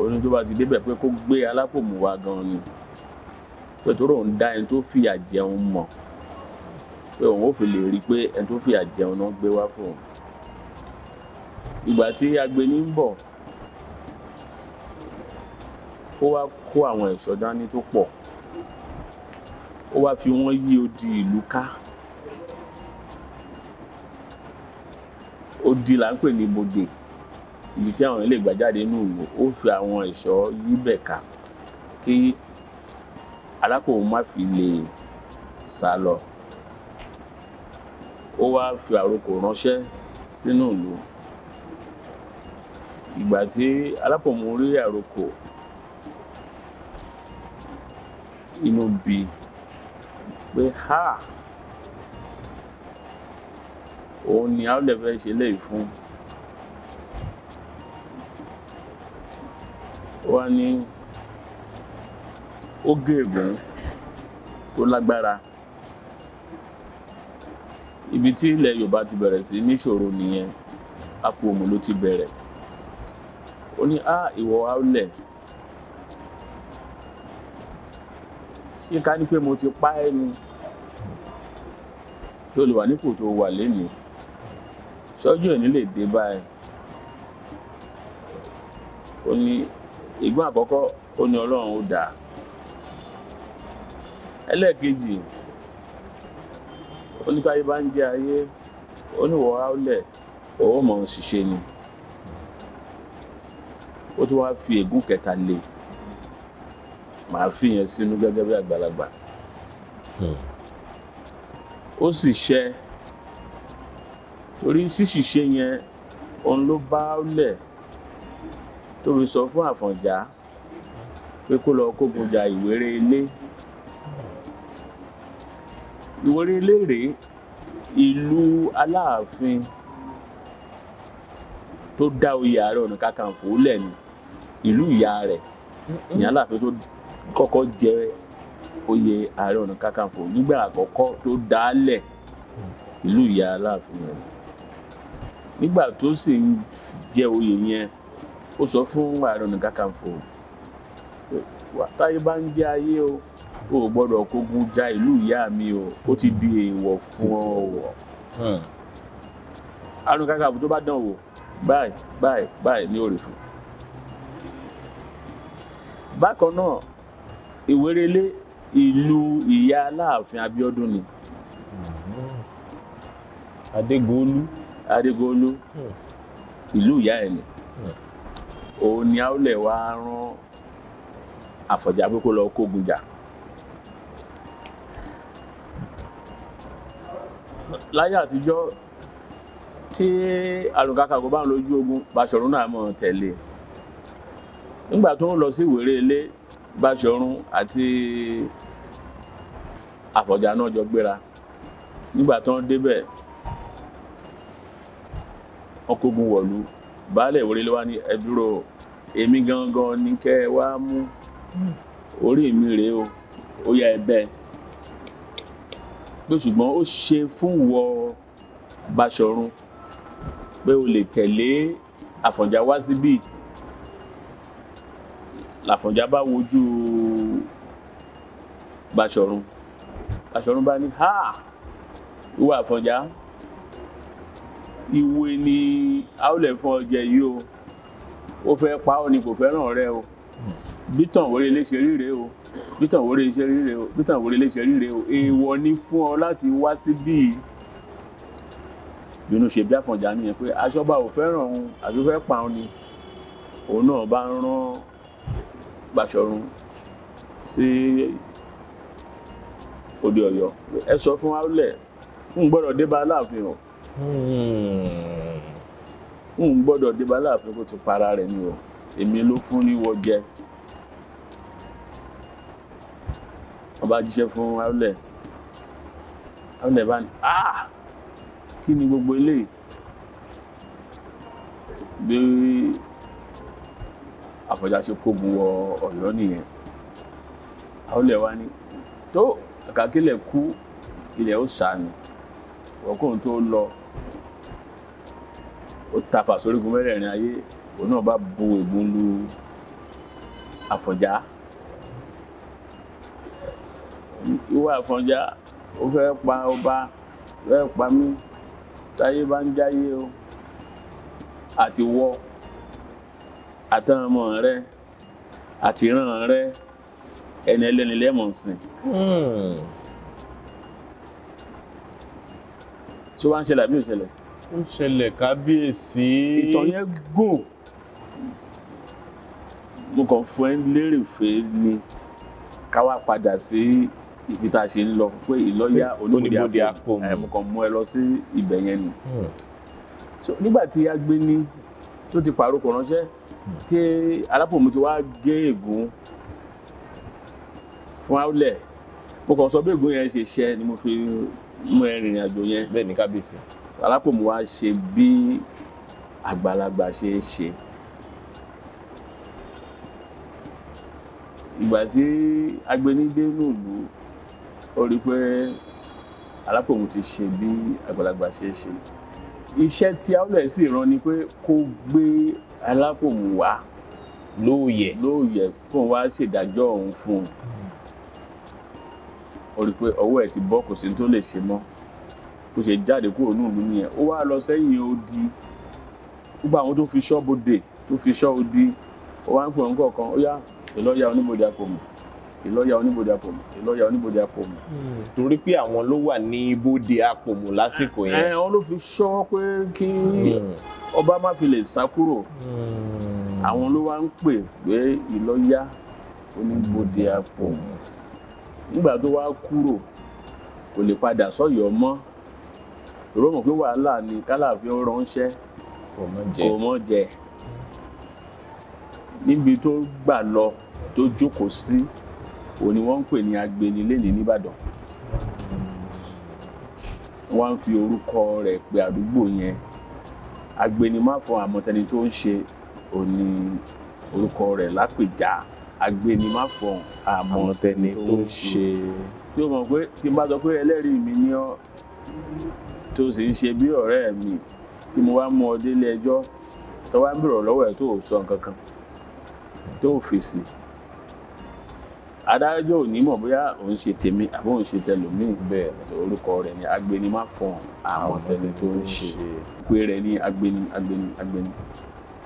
ó ní tó bá ti débẹ̀ pé kó gbé alápòmù wá gan ni pé tó rò ń dá ẹni tó fìyà jẹun mọ̀ pé òun ò fi lè rí i pé ẹni tó fìyà jẹun náà gbé wá fún un ìgbà tí agbẹni ń bọ̀ ó wá kó àwọn ẹ̀ṣọ́ dání tó pọ̀ ó wá fi wọ́n yí odi ìlú ká odi là ń pè ní bodè ibi tí àwọn ilé ìgbàjáde inú ìwò ó fi àwọn ẹ̀ṣọ́ yí bẹ̀ ká kí alákòwò má fi lè sá lọ ó wá fi àrokò ránṣẹ́ sínú ìlú ìgbà tí alákòwò rí àrokò inú bí pé ha òun ni a lè fẹ́ ṣe léyìí fún wa ní ó gé ègún tó lágbára ibi tí ilẹ̀ Yorùbá ti bẹ̀rẹ̀ sí níṣòro nìyẹn Apòmù ló ti bẹ̀rẹ̀ ó ní a ìwọ Aulẹ̀. Ah, ṣé ká ní pé mo ti pa ẹ́ ni tó lè wà nípò tó wà lénìí sọ́jú ẹ̀ ní lè dé báyìí ó ní ìgbọ́n àkọ́kọ́ ó ní ọlọ́run ó dáa ẹlẹ́ẹ̀kejì ó ní káyé bá ń jẹ ayé ó ní wọ́n áúlẹ̀ owó mọ̀ ń ṣiṣẹ́ ni ó tún wá fi ègún kẹta lé màá fi yẹn sínú gẹ́gẹ́ bí àgbàlagbà hmm. ó sì ṣe torí ṣíṣìṣe yẹn òun ló bá lẹ̀ tó fi sọ fún Àfọ̀njá pé kó lọ kógun ja Ìwéré Ilé Ìwéré Ilé rèé ìlú Aláàfin tó dá oyè Ààrẹ Ọ̀nà Kakanfò lẹ̀ ni ìlú ìyá rẹ̀ ìyá Aláàfin tó kọ́kọ́ jẹ oyè ààrẹ ọ̀nà kakanfò nígbà àkọ́kọ́ tó dálẹ̀ ìlú ìyá aláàfin rẹ̀ nígbà tó sì ń jẹ oyè yẹn ó sọ fún ààrẹ ọ̀nà kakanfò táyé bá ń jẹ ayé o o ò gbọ́dọ̀ kógun ja ìlú ìyá mi o ó ti di èèwọ̀ fún ọ o hmm. ààrẹ ọ̀nà kakanfò tó bá dán wò báyìí báyìí báyìí ní òrìfò bákan náà ìwérelé ìlú ìyá aláàfin Abíọ́dún ni. Hmm. Adégolú. Adégolú hmm. ìlú ìyá ẹ̀ ni hmm. òun ni Aolẹ̀ wa rán Àfọ̀njá pé kó lọ kógun jà. láyé àtijọ́ tí àlùkàkà kò bá ń lójú ogun Báṣọ̀run náà mọ̀ tẹ̀lé e. nígbà tó ń lọ sí Ìwérelé Báṣọ̀run àti Àfọ̀njá náà jọ gbéra nígbà tó ń débẹ̀ ọkọ̀gun wọ̀lú baálé ìwòrè ló wá ní ẹ dúró èmi gangan ní kẹ́ ẹ wá mú orí mi rèé o ó yá ẹ bẹ́ẹ̀ pé ṣùgbọ́n ó ṣe fún wọ Báṣọ̀run pé o lè tẹ̀lé Àfọ̀njá wá síbí. Si làfọ̀njá bá wojú Báṣọ̀run Báṣọ̀run bá ní ha ìwọ Àfọ̀njá ìwé ni àwòlẹ̀ fún ọjẹ yìí o ó fẹ́ pa ọ́ ni kò fẹ́ràn rẹ o bítàn wọlé léṣe ríre o bítàn wọlé léṣe ríre o bítàn wọlé léṣe ríre o èèwọ̀ ni fún ọ láti wá síbí yìí ṣe bí Àfọ̀njá nìyẹn pé aṣọ́ba ò fẹ́ràn òun àti ó fẹ́ pa òun ni òun náà bá ń rán Baṣọ̀run sí òde Ọ̀yọ́ ẹ sọ fún Aulẹ̀ n gbọ́dọ̀ dé bá Aláàfin o hmm. n gbọ́dọ̀ dé bá Aláàfin kó tó para rẹ̀ ni o èmi ló fún ní wọ jẹ ọba jíṣẹ́ fún Aulẹ̀ Aulẹ̀ bá ní ah kí ni gbogbo eléyìí bí. Àfọ̀njá ṣe kógun wọ Ọ̀yọ́ nìyẹn àwọn ilẹ̀ wa ni tó kàkílẹ̀ kú ilẹ̀ ó sànù ọkùnrin tó lọ ó tapà sórígun mẹ́rẹ̀ẹ̀rin ayé òun náà bá bu ègún lu Àfọ̀njá ìwà Àfọ̀njá ó fẹ́ pa ọba ó fẹ́ pa mí táyé bá ń jáyé o àti wọ́ àtàwọn ọmọ rẹ àtìràn rẹ ẹni ẹlẹ́ni lẹ́mọ̀ọ́sìn. tí hmm. ó wá ń ṣẹlẹ̀ àbí ìṣẹ̀lẹ̀. ó ń ṣẹlẹ̀ kábíyèsí. ìtàn yẹn gùn mo kàn fún ẹ lérèfé ni ká wá padà sí ibi tá a ṣe ń lọ pé ìlọ́yà oníbodè àpò mo kàn mú ẹ lọ sí ibẹ̀ yẹn ni. Hmm. nígbà tí a gbé ní tó ti pàrókò ránṣẹ́ tí alápòmù ti wá gé ègún fún áúlẹ̀ mo kàn sọ bí ègún yẹn ṣe ṣẹ ni mo fi mú ẹ rìnrìn àjò yẹn. bẹ́ẹ̀ ni kábíyèsí. alápòmù wá ṣe bí àgbàlagbà ṣe ń ṣe. ìgbà tí agbẹnidé nùlù ó rí i pé alápòmù ti ṣe bí àgbàlagbà ṣe ń ṣe iṣẹ́ tí áúlẹ̀ sì rán ni pé kó gbé alákòwá lóòyẹ lóòyẹ fún wa ṣèdájọ́ òun fún un ó rí i pé ọwọ́ ẹ̀ ti bọ́ kò sí tó lè ṣe mọ́ kò ṣe jáde kúrò ní ìlú nìyẹn ó wá lọ sẹ́yìn odi gbogbo àwọn tó fi ṣọ́ bodè tó fi ṣọ́ odi ó wá ń pè wọn kọ̀ọ̀kan ó yá ìlọ́yà oníbodè àpòmù ìlọ́yà oníbodè àpòmù ìlọ́yà oníbodè àpòmù. Hmm. torí pé àwọn ló wà ní ibodè àpòmù lásìkò yẹn. ẹ wọn ló fi ṣọ́ pé kí hmm ọba má fi lè sá kúrò hmm. àwọn ló wá ń pè pé ìlọ́yà onígbòde àpò nígbà tó wá kúrò kò lè padà sọ́yọ́ mọ́ rọmọ pé wàhálà ni kálàfin ránṣẹ́ kò mọ jẹ níbi tó gbà lọ tó jókòó sí òun ni wọ́n ń pè ní agbeniléni nìbàdàn hmm. wọ́n á fi orúkọ rẹ̀ pè àdúgbò yẹn agbenimáfọ àmọ̀tẹ́ni tó ń ṣe òní orúkọ rẹ̀ lápèjà agbenimáfọ àmọ̀tẹ́ni tó ń ṣe. tí o mọ̀ pé tí n bá sọ pé ẹlẹ́rìí mi ni ọ́ tó sì ń ṣe bí ọ̀rẹ́ mi tí mo wá mú ọ délé ẹjọ́ tó wá ń bèrò lọ́wọ́ ẹ̀ tó sọ nǹkan kan tó fèsì adájọ́ ò ní mọ̀ bóyá òun ṣe tèmi àbí òun ṣe tẹlòmíì bẹ́ẹ̀ orúkọ rẹ̀ ni agbenimáfọ̀n àwọn tẹni tó ń ṣe pé rẹ̀ ní agbeni agbeni agbeni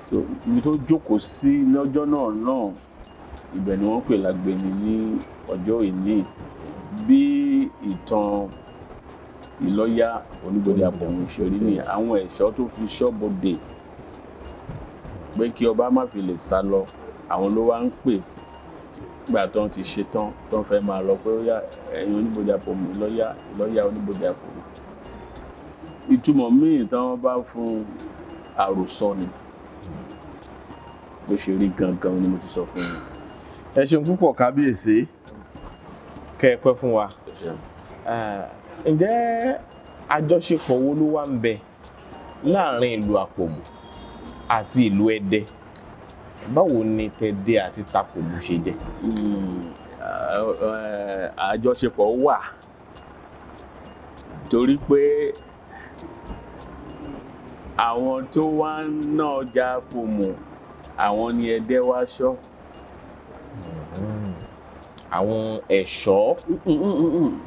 so ibi tó jókòó sí lọ́jọ́ náà náà ibẹ̀ ni wọ́n pè lágbeni ní ọjọ́ ìní bí ìtàn ìlọ́yà onígbòde àbọ̀wọ̀n ìṣòrí ni àwọn ẹ̀ṣọ́ tó fi ṣọ́bodè pé kí ọba má fi lè sá lọ àwọn ló wá ń pè gbà tó ń ti ṣe tán tó ń fẹ́ máa lọ pé ó yá ẹ̀yin oníbodè àpò mi lọ́yà lọ́yà oníbodè mi ìtumọ̀ míì táwọn bá fún àròsọ ni bó ṣe rí gangan ni mo ti sọ fún yín. ẹ ṣeun púpọ̀ kábíyèsí kẹ́ ẹ pẹ́ fún wa ǹjẹ́ àjọṣepọ̀ wo ló wà ń bẹ láàrin ìlú àpòmù àti ìlú ẹdẹ. E báwo ni tẹ̀dé àti takòlù ṣe jẹ́. Hmm, eh, àjọṣepọ̀ wà torí pé àwọn tó wá ń ná ọjà pòmù àwọn ni ẹdẹ wá ṣọ́ àwọn ẹ̀ṣọ́ hmm, hmm,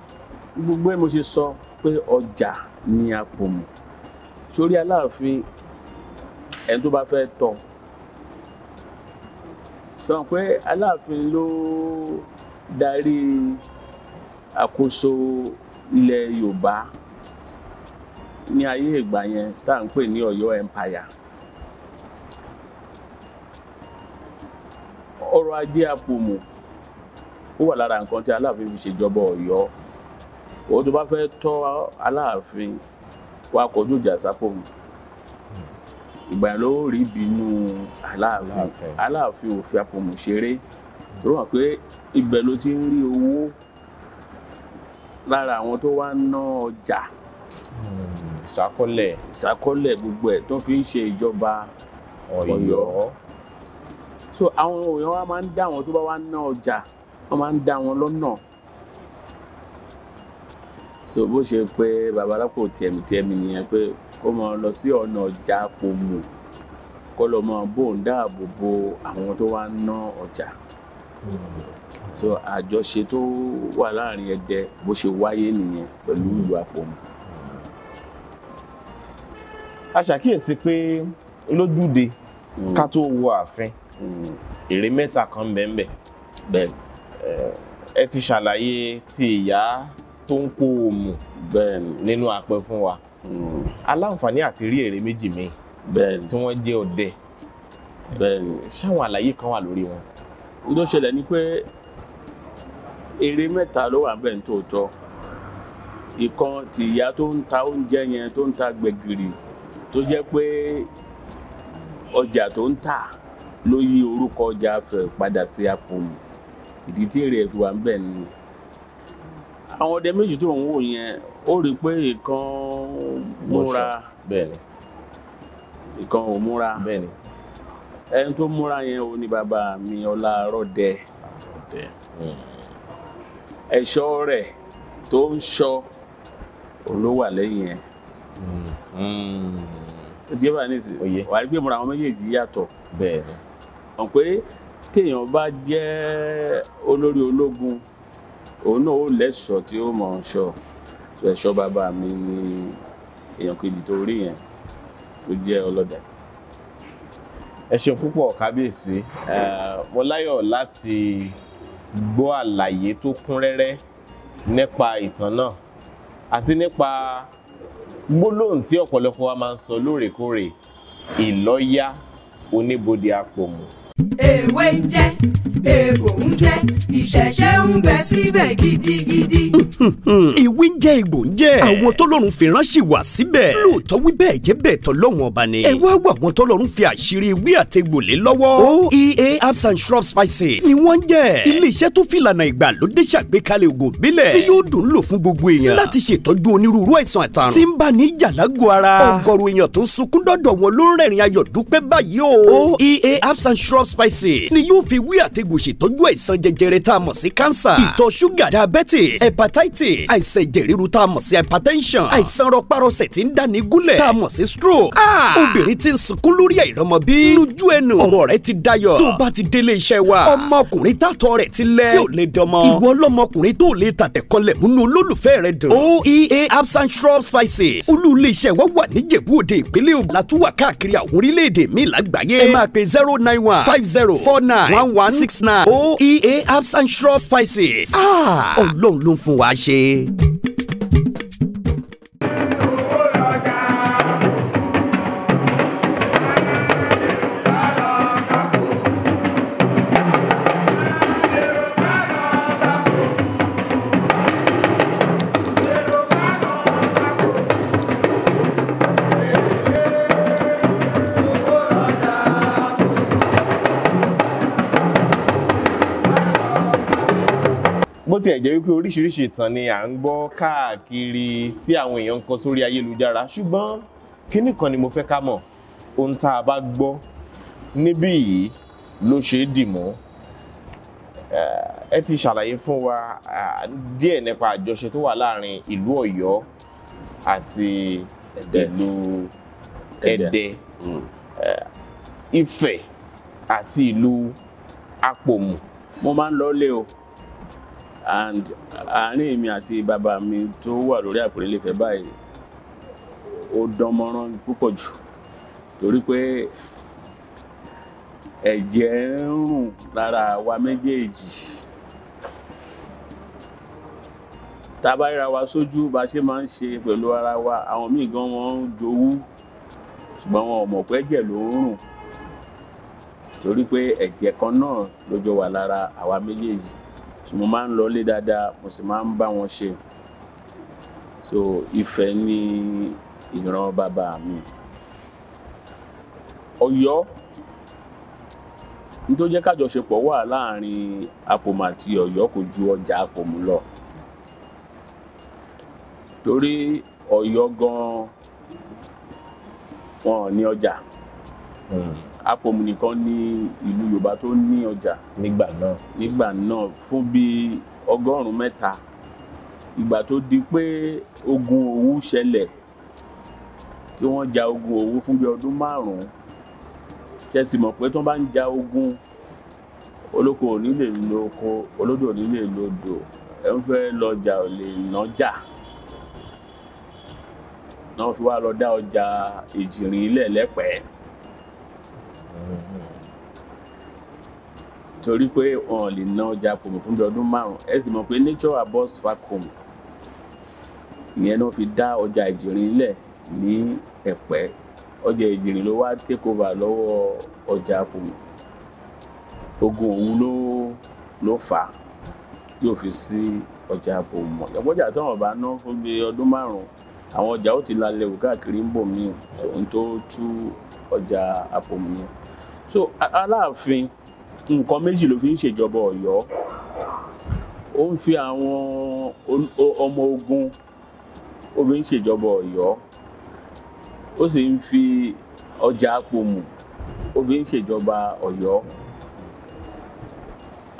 gbogbo ẹ mo ṣe sọ pé ọjà ni àpòmù sórí aláàfin ẹni tó bá fẹ́ tọ̀ sọ pé aláàfin ló darí àkóso ilẹ̀ yorùbá ní ayé ìgbà yẹn tá à ń pè ní ọ̀yọ́ empire ọrọ̀ ajé àpòmù ó wà lára nǹkan tí aláàfin fi ṣèjọba ọ̀yọ́ òun tó bá fẹ́ tọ́ aláàfin wa kọjú ìjà sápòmù ìgbà ló rí ìbínú aláàfin aláàfin ò fi àpòmù ṣeré tó wà pé ibẹ̀ ló ti ń rí owó lára àwọn tó wá ná ọjà hmm, ìṣàkọlẹ̀ ìṣàkọlẹ̀ gbogbo ẹ̀ tó fi ń ṣe ìjọba Ọ̀yọ́ so àwọn èèyàn wa máa ń dá àwọn tó bá wá ná ọjà wọ́n máa ń dá wọn lọ́nà so bó ṣe pé babaláwo tẹ̀mítẹ̀mí nìyẹn pé kó máa lọ sí ọ̀nà ọjà pòmù kó lọ máa bóun dáàbò bo àwọn tó wá ń ná ọjà so àjọṣe tó wà láàrin Ẹdẹ bó ṣe wáyé nìyẹn pẹ̀lú ìlú àpòmù. a ṣàkíyèsí pé lójúde hmm. ká tó wọ ààfin hmm. ère mẹ́ta kan bẹ́ẹ̀ bẹ́ẹ̀ ẹ ti ṣàlàyé ti ìyá tó ń pò òmù nínú àpẹ fún wa. Hmm. aláǹfààní àti rí èrè méjì míì tí wọ́n jẹ́ ọdẹ ṣáwọn àlàyé kan wà lórí wọn. ló ṣẹlẹ̀ ni pé èrè mẹ́ta ló wà bẹ́ẹ̀ ní tòótọ́ ìkan ti ìyá tó ń ta oúnjẹ yẹn tó ń ta gbẹ̀gìrì tó jẹ́ pé ọjà tó ń tà ló yí orúkọ ọjà fẹ̀ padà sí apòmù ìdí tí èrè ẹ̀ fi wà ń bẹ̀ ni àwọn ọdẹ méjì tó ń wò yẹn ó rí i pé ìkan múra bẹ́ẹ̀ni ìkan ò múra bẹ́ẹ̀ni ẹni tó múra yẹn ò ní bàbá mi ọlá rọdẹ hmm. ẹ̀ṣọ́ rẹ̀ tó ń ṣọ́ olówà lẹ́yìn ẹ̀ tí hmm. ó bá ní sí wàá rí pé múra àwọn méjèèjì yàtọ̀ bẹ́ẹ̀ni ọ̀ pé téèyàn bá jẹ́ olórí ológun òun náà ó lẹ́ṣọ̀ọ́ tí ó mọ̀ ọ́n ṣọ́ ẹ̀ṣọ́ bàbá mi ni èèyàn kejì tó rí yẹn tó jẹ́ ọlọ́dẹ. ẹ ṣeun púpọ̀ kábíyèsí mo láyọ̀ láti gbọ́ àlàyé tó kún rẹ́rẹ́ nípa ìtàn náà àti nípa gbólóhùn tí ọ̀pọ̀lọpọ̀ wa máa ń sọ lóòrèkóòrè ìlọ́yà oníbodè apòmù èwe ń jẹ́ èèbò ń jẹ́ ìṣẹ̀ṣẹ̀ ń bẹ síbẹ̀ gidigidi. ìwé ń jẹ́ ìgbò ń jẹ́ àwọn tọ́lọ́run fi ránṣì wá síbẹ̀ lóòótọ́ wí bẹ́ẹ̀ jẹ́ bẹ́ẹ̀ tọ́lọ́run ọba ni. ẹ wá wọ àwọn tọ́lọ́run fi àṣírí ewé àtẹgbòlé lọ́wọ́ oea herbs and shrub spices ni wọ́n ń jẹ́ iléeṣẹ́ tó fìlànà ìgbàlódé ṣàgbékalẹ̀ ògùn bílẹ̀ tí yóò dùn lò fún gbogbo èèyàn láti ṣètọ́jú onírúurú àìsàn àtàrùn tí ń bá ní jàlágò ara ọgọ́rùn èèyàn tó ń sunkún dọ́dọ̀ wọn ló ń rẹ̀rìn ayọ̀ dúpẹ́ báyìí o oea herbs and shrub spices ni yóò fi wí àtẹ̀gùn ṣètọ́jú àìsàn jẹjẹrẹ tá a mọ̀ sí cancer ìtọ̀ ṣúgà diabetes hepatitis àìsàn ẹ̀jẹ̀ ríru tá a mọ̀ sí hypertension àìsàn rọpárọsẹ̀ tí ń dáni gúnlẹ̀ tá a mọ̀ sí stroke ah! obìnrin tí ń sunkún lórí àìrọ́mọ bí lójú ẹnu ọ̀rọ̀ rẹ ti dayọ̀ tó bá ti délé iṣẹ́ wa ọmọkùnrin tàtọ̀ rẹ̀ ti lẹ̀ tí ò lè dọmọ ìwọ lọmọkùnrin tó lè tàtẹ̀kọlẹ̀ múnú olólùfẹ́ rẹ dùn oea absent shrub spices olú iléeṣẹ́ wa wà ní Jẹ̀bú Òde ìpínlẹ̀ Ògùn látúwà káàkiri àwọn orílẹ̀-èdè míì lágbàáyé ẹ máa pe zero nine one five five zero four nine one one six nine O oea herbs and shrub spices. Ah. ọlọ́run ló ń fún wa ṣe. bó tiẹ̀ jẹ́ wípé oríṣiríṣi ìtàn ni à ń gbọ́ káàkiri tí àwọn èèyàn ń kọ sórí ayélujára ṣùgbọ́n kíní kan ni mo fẹ́ ká mọ̀ ohun tá a bá gbọ́ níbí yìí ló ṣe é dì mọ́ ẹ ti ṣàlàyé fún wa díẹ̀ nípa àjọṣe tó wà láàrin ìlú Ọ̀yọ́ àti ìlú Ẹdẹ mm. Ifẹ̀ àti ìlú Apòmù. mo máa ń lọ lé o and àárín èmi àti bàbá mi tó wà lórí àpòrìlẹ̀fẹ̀ báyìí ó dán mọ́rán púpọ̀ jù torí pé ẹ̀jẹ̀ ń rùn lára wa méjèèjì tá a bá ríra wa sójú bá ṣe máa ń ṣe pẹ̀lú ara wa àwọn míì gan wọn ń jowú ṣùgbọ́n wọn ò mọ̀ pé ẹ̀jẹ̀ ló ń rùn torí pé ẹ̀jẹ̀ kan náà ló jọ wà lára àwa méjèèjì so mo máa ń lọlé dáadáa mo sì máa ń bá wọn ṣe so Ifẹ̀ ní ìran bàbá mi Ọ̀yọ́ nítorí jẹ́ kájọṣepọ̀ wà láàrin Àpòmù àti Ọ̀yọ́ kò ju ọjà Àpòmù lọ torí Ọ̀yọ́ gan-an wọn ò ní ọjà. Mm apom nìkan ní ìlú yorùbá tó ní ọjà. nígbà náà. nígbà náà fún bíi ọgọ́rùn-ún mẹ́ta ìgbà tó di pé ogun Òwu ṣẹlẹ̀ tí wọ́n ja ogun Òwu fún bíi ọdún márùn-ún ṣe sì mọ̀ pé tí wọ́n bá ń ja ogun olóko ò lè lo oko olódò ò lè lo odò ẹ ń fẹ́ lọ́jà ò lè nájà náà fi wá lọ dá ọjà Èjìrìn ilẹ̀ lẹ́pẹ̀ẹ́ torí pé wọn ò lè ná ọjà pòmù fún bí ọdún márùn ẹ sì mọ̀ pé nature abos vacuum ìyẹn náà fi dá ọjà ìjìnrìn lẹ̀ ní ẹ̀pẹ́ ọjà ìjìnrìn ló wá take over lọ́wọ́ ọjà pòmù ogun òun ló ló fà á yóò fi sí ọjà pòmù ọjà tó wọn bá ná fún bí ọdún márùn àwọn ọjà ó ti lálẹ́ wò káàkiri ń bò míì òun tó tú ọjà àpòmù yẹn so aláàfin nǹkan méjì ló fi ń ṣèjọba Ọ̀yọ́ ó ń fi àwọn ọmọ ogun ó fi ń ṣèjọba Ọ̀yọ́ ó sì ń fi ọjà apòmù ó fi ń ṣèjọba Ọ̀yọ́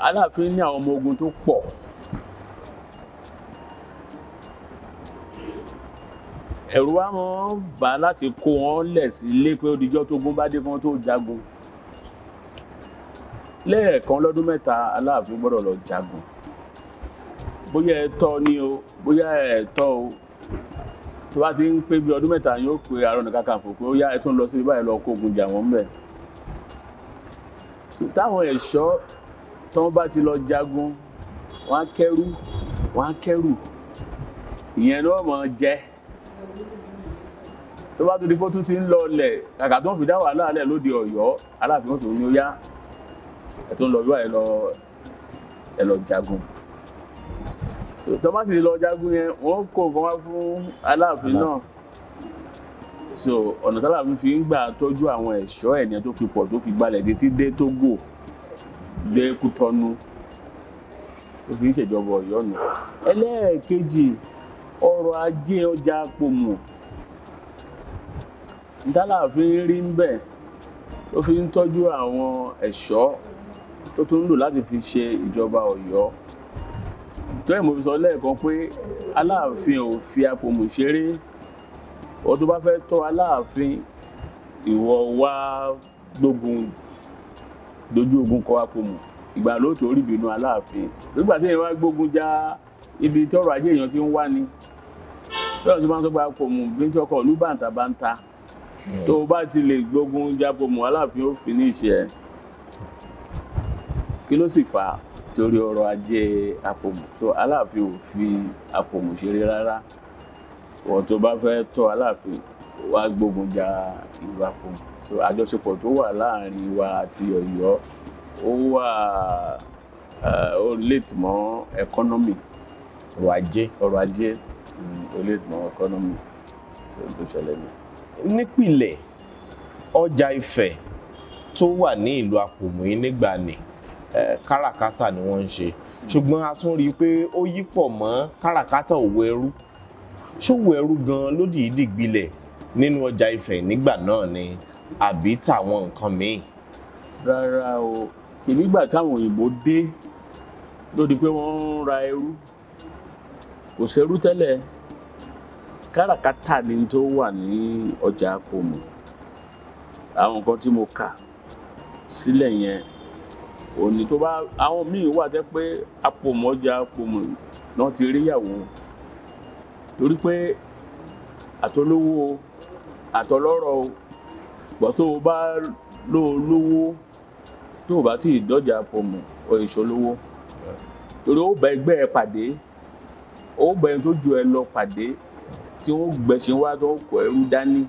aláàfin ní àwọn ọmọ ogun tó pọ̀. ẹ̀rù wa mọ́ bá láti kó wọn lẹ̀ sílé pé odijọ́ tógun bá dé kí wọ́n tó jagun lẹ́ẹ̀kan lọ́dún mẹ́ta aláàfin gbọ́dọ̀ lọ jagun bóyá ẹ tọ́ ni o bóyá ẹ tọ́ o tó bá ti ń pé bí ọdún mẹ́ta yóò pe Ààrẹ Ọ̀nà Kakanfò pé ó yá ẹ tún lọ síbi báyìí lọ kó ogun jà wọ́n bẹ̀. táwọn ẹ̀ṣọ́ tí wọ́n bá ti lọ jagun wọ́n á kẹ́rù wọ́n á kẹ́rù ìyẹn ni wọ́n mọ̀ ọ́n jẹ́ tó bá tún di pé ó tún ti ń lọ ọlẹ̀ kàkà tó ń fi dá wàhálà lẹ̀ lóde Ọ̀yọ́ Aláàfin tó ń yá ẹ tó ń lọ wíwá ẹ lọ ẹ lọ jagun tó bá sì lọ jagun yẹn wọ́n kó nǹkan wá fún aláàfin náà so ọ̀nà táláàfin fi ń gbà tọ́jú àwọn ẹ̀ṣọ́ ẹ̀ ní ẹ tó fi pọ̀ tó fi gbalẹ̀ dé tí dé Tógò dé Kútọ́nù ó fi ń ṣèjọba Ọ̀yọ́ nù ẹlẹ́ẹ̀kejì ọrọ̀ ajé ọjà pòmù táláàfin rí ń bẹ̀ ó fi ń tọ́jú àwọn ẹ̀ṣọ́ tó tún ń lò láti fi ṣe ìjọba Ọ̀yọ́ tọ́yìn mo fi sọ lẹ́ẹ̀kan pé Aláàfin ò fi apòmù ṣeré o tó bá fẹ́ tọ́ Aláàfin ìwọ wá gbógun dojú ogun kọ apòmù ìgbà ló tó rí ìbínú Aláàfin nígbà tí èèyàn wá gbógun já ibi tí ọrọ̀ ajé èèyàn ti ń wá ni tọ́yìn tó máa ń sọ pé apòmù bí ń tọkọ̀ olú bàǹtà bàǹtà hmm. tó o bá ti lè gbógun já apòmù Aláàfin ó fi ní ìṣe ẹ̀ kí ló sì fà á torí ọrọ̀ ajé àpòmù tó aláàfin ò fi àpòmù ṣeré rárá wọn tó bá fẹ́ tọ́ aláàfin wá gbógun ja ìlú àpòmù so àjọṣepọ̀ tó wà láàrin wa àti Ọ̀yọ́ ó wà ó late mọ́ economy ọrọ̀ ajé ọrọ̀ ajé mm, ó late mọ́ economy tó ṣẹlẹ̀ ní. nípìnlẹ̀ ọjà Ifẹ̀ tó wà ní ìlú àpòmù yìí nígbà ni káràkátà ni wọ́n ń ṣe ṣùgbọ́n a tún rí i pé ó yípọ̀ mọ́ káràkátà òwò ẹrú ṣòwò ẹrú gan ló dìídì gbilẹ̀ nínú ọjà Ifẹ̀ nígbà náà ni àbí tàwọn nǹkan míì. rárá o ṣe nígbà táwọn òyìnbó dé ló di pé wọ́n ń ra ẹrú kò sẹ́rú tẹ́lẹ̀ káràkátà ni tó wà ní ọjà àpòmù àwọn nǹkan tí mo kà sílẹ̀ yẹn òní tó bá àwọn míì wà tẹ́ pé apòmọ́jà apòmọ̀ náà ti ríyàwó torí pé àtolówó àtọlọ́rọ̀ gbọ́ tó o bá lò ó lówó tó o bá tí ì dọ́jà apòmọ̀ ò ìṣolówó torí ó bá ẹgbẹ́ ẹ pàdé ó bá ẹni tó ju ẹ lọ pàdé tí wọ́n gbẹ̀sìn wá tó kọ ẹrú dání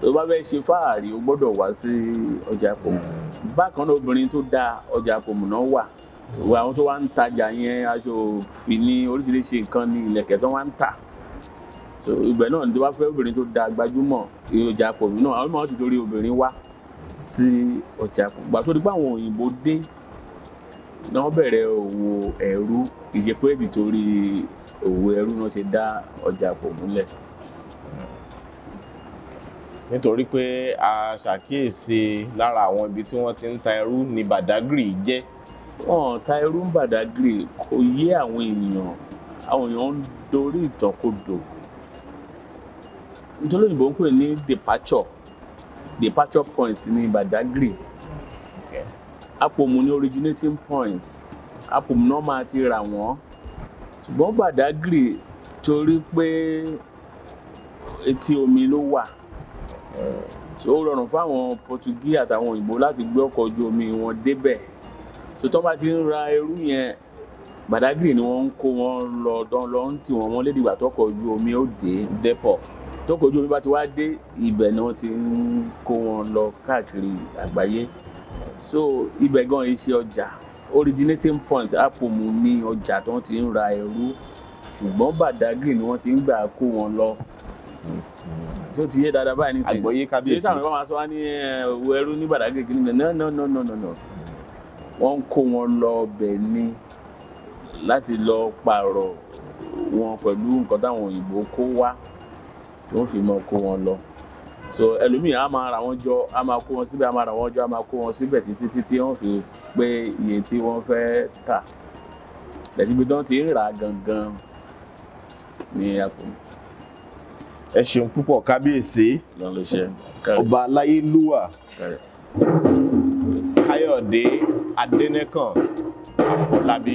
tó bá fẹ́ ṣe fáàrí o gbọ́dọ̀ wá sí ọjà àpòmù hmm. bákan náà obìnrin tó da ọjà àpòmù náà wà àwọn tó wá ń tajà yẹn aṣọ òfin ní oríṣiríṣi nǹkan ní ilẹ̀kẹ̀ tó wá ń tà ìgbẹ́ náà tó bá fẹ́ obìnrin tó da gbajúmọ̀ ọjà àpòmù náà àwọn mọ̀ọ́ ti torí obìnrin wá sí ọjà àpòmù gbà tó di pé àwọn òyìnbó dé náà bẹ̀rẹ̀ òwò ẹ̀rú ìṣepẹ́ ìbìtorí òwò ẹ̀rú náà ṣe dá ọjà àpòmù lẹ̀ nítorí pé a ṣàkíyèsí lára àwọn ibi tí wọ́n ti ń ta ẹrú ní Badagry jẹ́ wọn ta ẹrú ń Badagry kò yé àwọn èèyàn àwọn èèyàn ń dorí ìtọ́kodò nítorí òyìnbó ń pè ní departure departure point ní badagri apòmù ní originating point apòmù náà máa ti rà wọ́n ṣùgbọ́n Badagry torí pé etí omi ló wà so ó rọrùn fáwọn Portuguese àtàwọn òyìnbó láti gbé ọkọ̀ ojú omi wọn débẹ̀ so tó bá ti ń ra irú yẹn Badagry ni wọ́n ń kó wọn lọ dán lọ ń tì wọ́n wọ́n lédi ìgbà tọkọ̀ ojú omi ó dé dépọ̀ tọkọ̀ ojú omi bá ti wá dé ibẹ̀ ni wọ́n ti ń kó wọn lọ káàkiri àgbáyé so ibẹ̀ gan iṣẹ́ ọjà originating point apomu ní ọjà tó ń ti ń ra ẹrú ṣùgbọ́n Badagry ni wọ́n ti ń gbà kó wọn lọ So ti yé dáadáa báyìí nísìnyí àgbọ̀yé kábíyèsí tí sàmì bá máa sọ wá ní ẹ̀wọ̀ ẹrú ní gbàdágé kìíní bẹ̀ no no no no no wọ́n ń kó wọn lọ ọbẹ̀ ni láti lọ pààrọ̀ wọn pẹ̀lú nǹkan táwọn òyìnbó kó wá tí wọ́n fi mọ kó wọn lọ so ẹlòmíì á máa ra wọn jọ á máa kó wọn síbẹ̀ á máa ra wọn jọ á máa kó wọn síbẹ̀ títí títí wọ́n fi pé iye tí wọ́n fẹ́ tà lẹ́tí bí wọ́n ti rà gangan ní àpò ẹ ṣeun púpọ̀ kábíyèsí ọba aláyélúwà káyọ̀dé adẹ́nẹ́kàn àfọlábí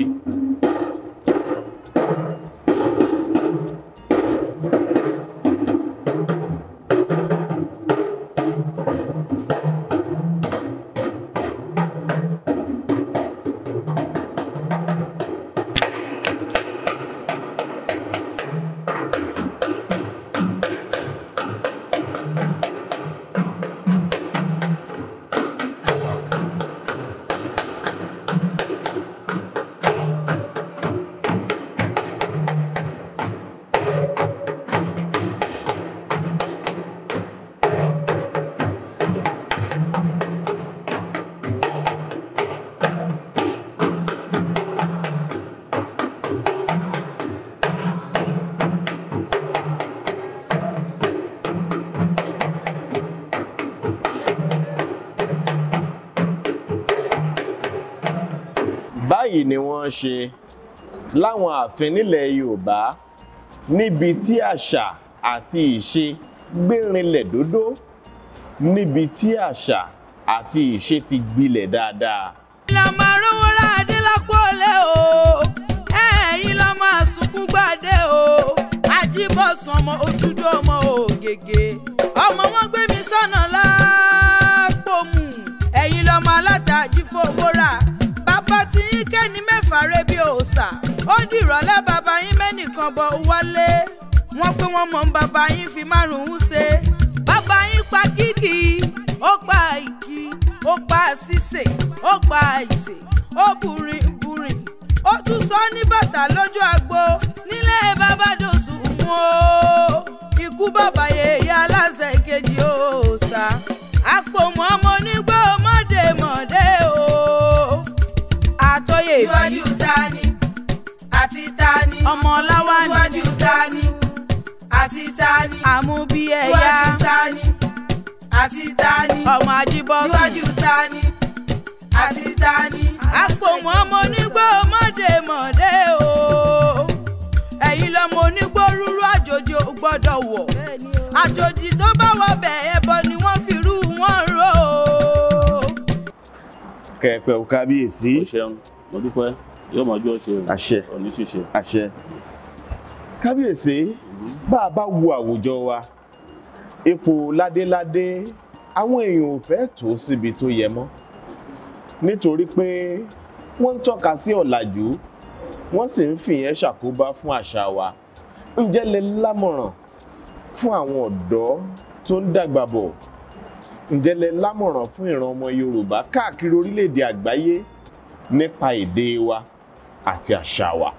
báyìí ni wọ́n ṣe láwọn ààfin nílẹ̀ Yorùbá níbi tí àṣà àti ìṣe gbérinlẹ̀ dódó níbi tí àṣà àti ìṣe ti gbilẹ̀ dáadáa. ìlànà àrùn ra adélọ́pọ̀ olè o ẹ̀ẹ́rì lọ́mọ àsùnkún gbàdé o ajíbọ̀sán ọmọ ojúdó ọmọ ògègè. ó dìrọ̀lẹ́ bàbá yín mẹ́nìkan bọ̀ wálé wọ́n pé wọ́n mọ̀ ń bàbá yín fi márùn-ún ṣe bàbá yín pa kíkì ó pa ìkí ó pa ṣíṣe ó pa ìṣe ó burin burin ó tún sọ ní bàtà lójú agbo nílé bàbá dòsùn mú o ikú bàbá yèyà aláṣẹ kejì ó sá àpò mọ́ mo nígbà mọ́dé mọ́dé o àtọ́yè ìbí. ta ni. tani. àmú bí ẹ̀yà. níwájú tani àti tani. ọmọ ajíbọ́sùn. níwájú tani àti tani. àpòmọ́ mo nígbó mọ́dé mọ́dé o. ẹ̀yin lọ́mọ onígbó rúrú àjòjì ò gbọ́dọ̀ wọ̀. àjòjì tó bá wọ bẹ̀ ẹbọ ni wọ́n fi rú wọn ró o. kẹ̀pẹ̀ ò kábíyèsí. o ṣeun mo dúpẹ́ yóò mọ ojú ọ̀ṣẹ́ òní ṣíṣe. àṣẹ kábíyèsí bá a bá wo àwùjọ wa epo ládéládé àwọn èèyàn ò fẹ́ tó síbi tó yẹ mọ́ nítorí pé wọ́n ń tọ́ka sí ọ̀làjú wọ́n sì ń fìyẹn ṣàkóbá fún àṣà wa ǹjẹ́ lè lámọ̀ràn fún àwọn ọ̀dọ́ tó ń dàgbà bọ̀ ǹjẹ́ lè lámọ̀ràn fún ìran ọmọ Yorùbá káàkiri orílẹ̀-èdè àgbáyé nípa èdè wa àti àṣà wa.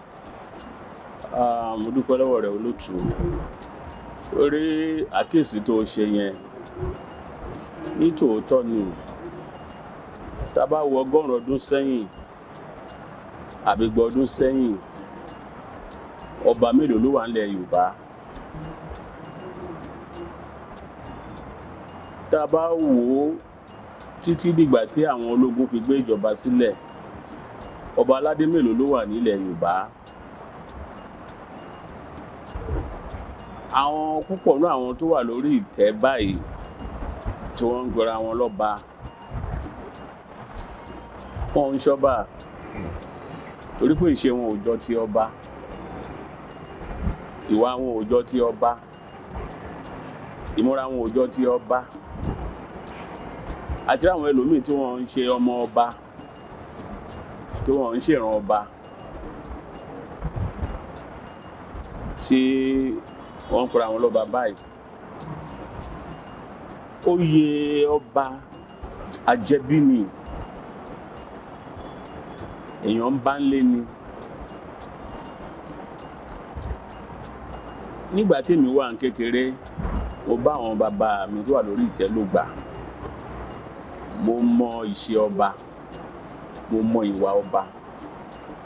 Ah, mo dúpẹ́ lọ́wọ́ rẹ olótùú orí àkíyèsí tó o ṣe yẹn ní tòótọ́ ni tá a bá wo ọgọ́rùn-ún ọdún sẹ́yìn àbígbọ́ ọdún sẹ́yìn ọba mélòó ló wà nílẹ̀ Yorùbá tá a bá wò ó títí dìgbà tí àwọn ológun fi gbé ìjọba sílẹ̀ ọba aládé mélòó ló wà nílẹ̀ Yorùbá. àwọn púpọ̀ náà àwọn tó wà lórí ìtẹ́ báyìí tí wọ́n ń gbọ́ra wọn lọ́ba wọn ń ṣọ́ba torí pé ìṣe wọn ò jọ ti ọba ìwà wọn ò jọ ti ọba ìmúra wọn ò jọ ti ọba àti àwọn ẹlòmíì tí wọ́n ń ṣe ọmọ ọba tí wọ́n ń ṣèràn tí. Ti wọ́n ń pera wọn lọ́ba báyìí oyè ọba àjẹbí ni èèyàn ń bá ń lé ni nígbà tèmi wà ń kékeré mo bá àwọn bàbá mi tó wà lórí ìtẹ́ mo mọ ìṣe ọba mo mọ ìwà ọba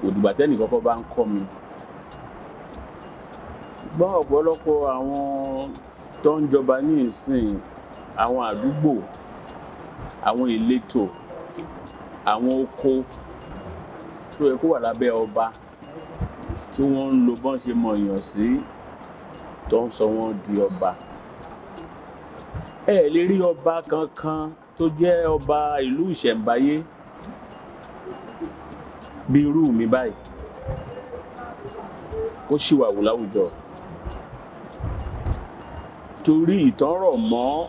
òdìgbà kọ́kọ́ bá ń kọ́ mi ṣùgbọ́n ọ̀pọ̀lọpọ̀ àwọn tó ń jọba ní ìsìn àwọn àdúgbò àwọn ìletò àwọn oko tó yẹ kó wà lábẹ́ ọba tí wọ́n ń lo bọ́n ṣe mọ̀yàn sí tó ń sọ wọ́n di ọba ẹ lè rí ọba kankan tó jẹ́ ọba ìlú ìṣẹ̀ǹbáyé bí irú mi báyìí kó ṣìwàwù láwùjọ torí ìtàn rọ̀ mọ́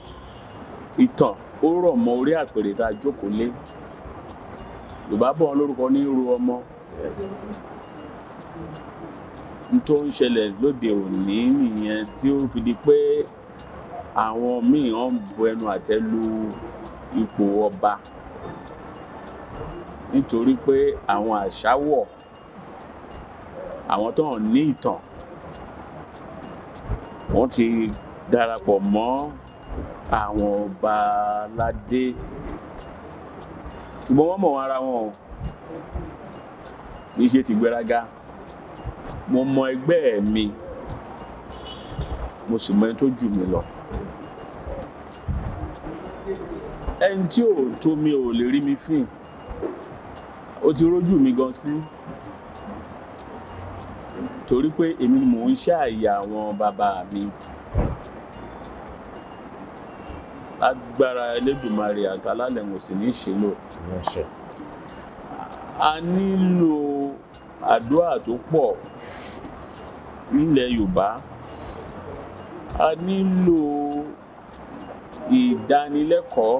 ìtàn ó rọ̀ mọ́ orí àpèrè tá a jókòó lé yorùbá bọ̀ lórúkọ ní ru ọmọ tó ń ṣẹlẹ̀ lóde òní nìyẹn tí ó fi di pé àwọn míì hàn bu ẹnu àtẹ́ lu ipò ọba nítorí pé àwọn àṣàwọ̀ àwọn tó hàn ní ìtàn wọ́n ti darapọ̀ mọ́ àwọn ọba aládé ṣùgbọ́n wọ́n mọ̀ wọn ara wọn o kì í ṣe tìgbéraga mo mọ ẹgbẹ́ mi mo sì mọ ẹni tó jù mí lọ ẹni tí ò tó mi ò lè rí mi fín ó ti rójú mi gan sí torí pé èmi mò ń ṣáàyè àwọn bàbá mi. Si agbára Elédùmarè àtàlálẹ̀ wọn sì ní ìṣìlò a nílò àdúrà tó pọ̀ nílẹ̀ Yorùbá a nílò ìdánilẹ́kọ̀ọ́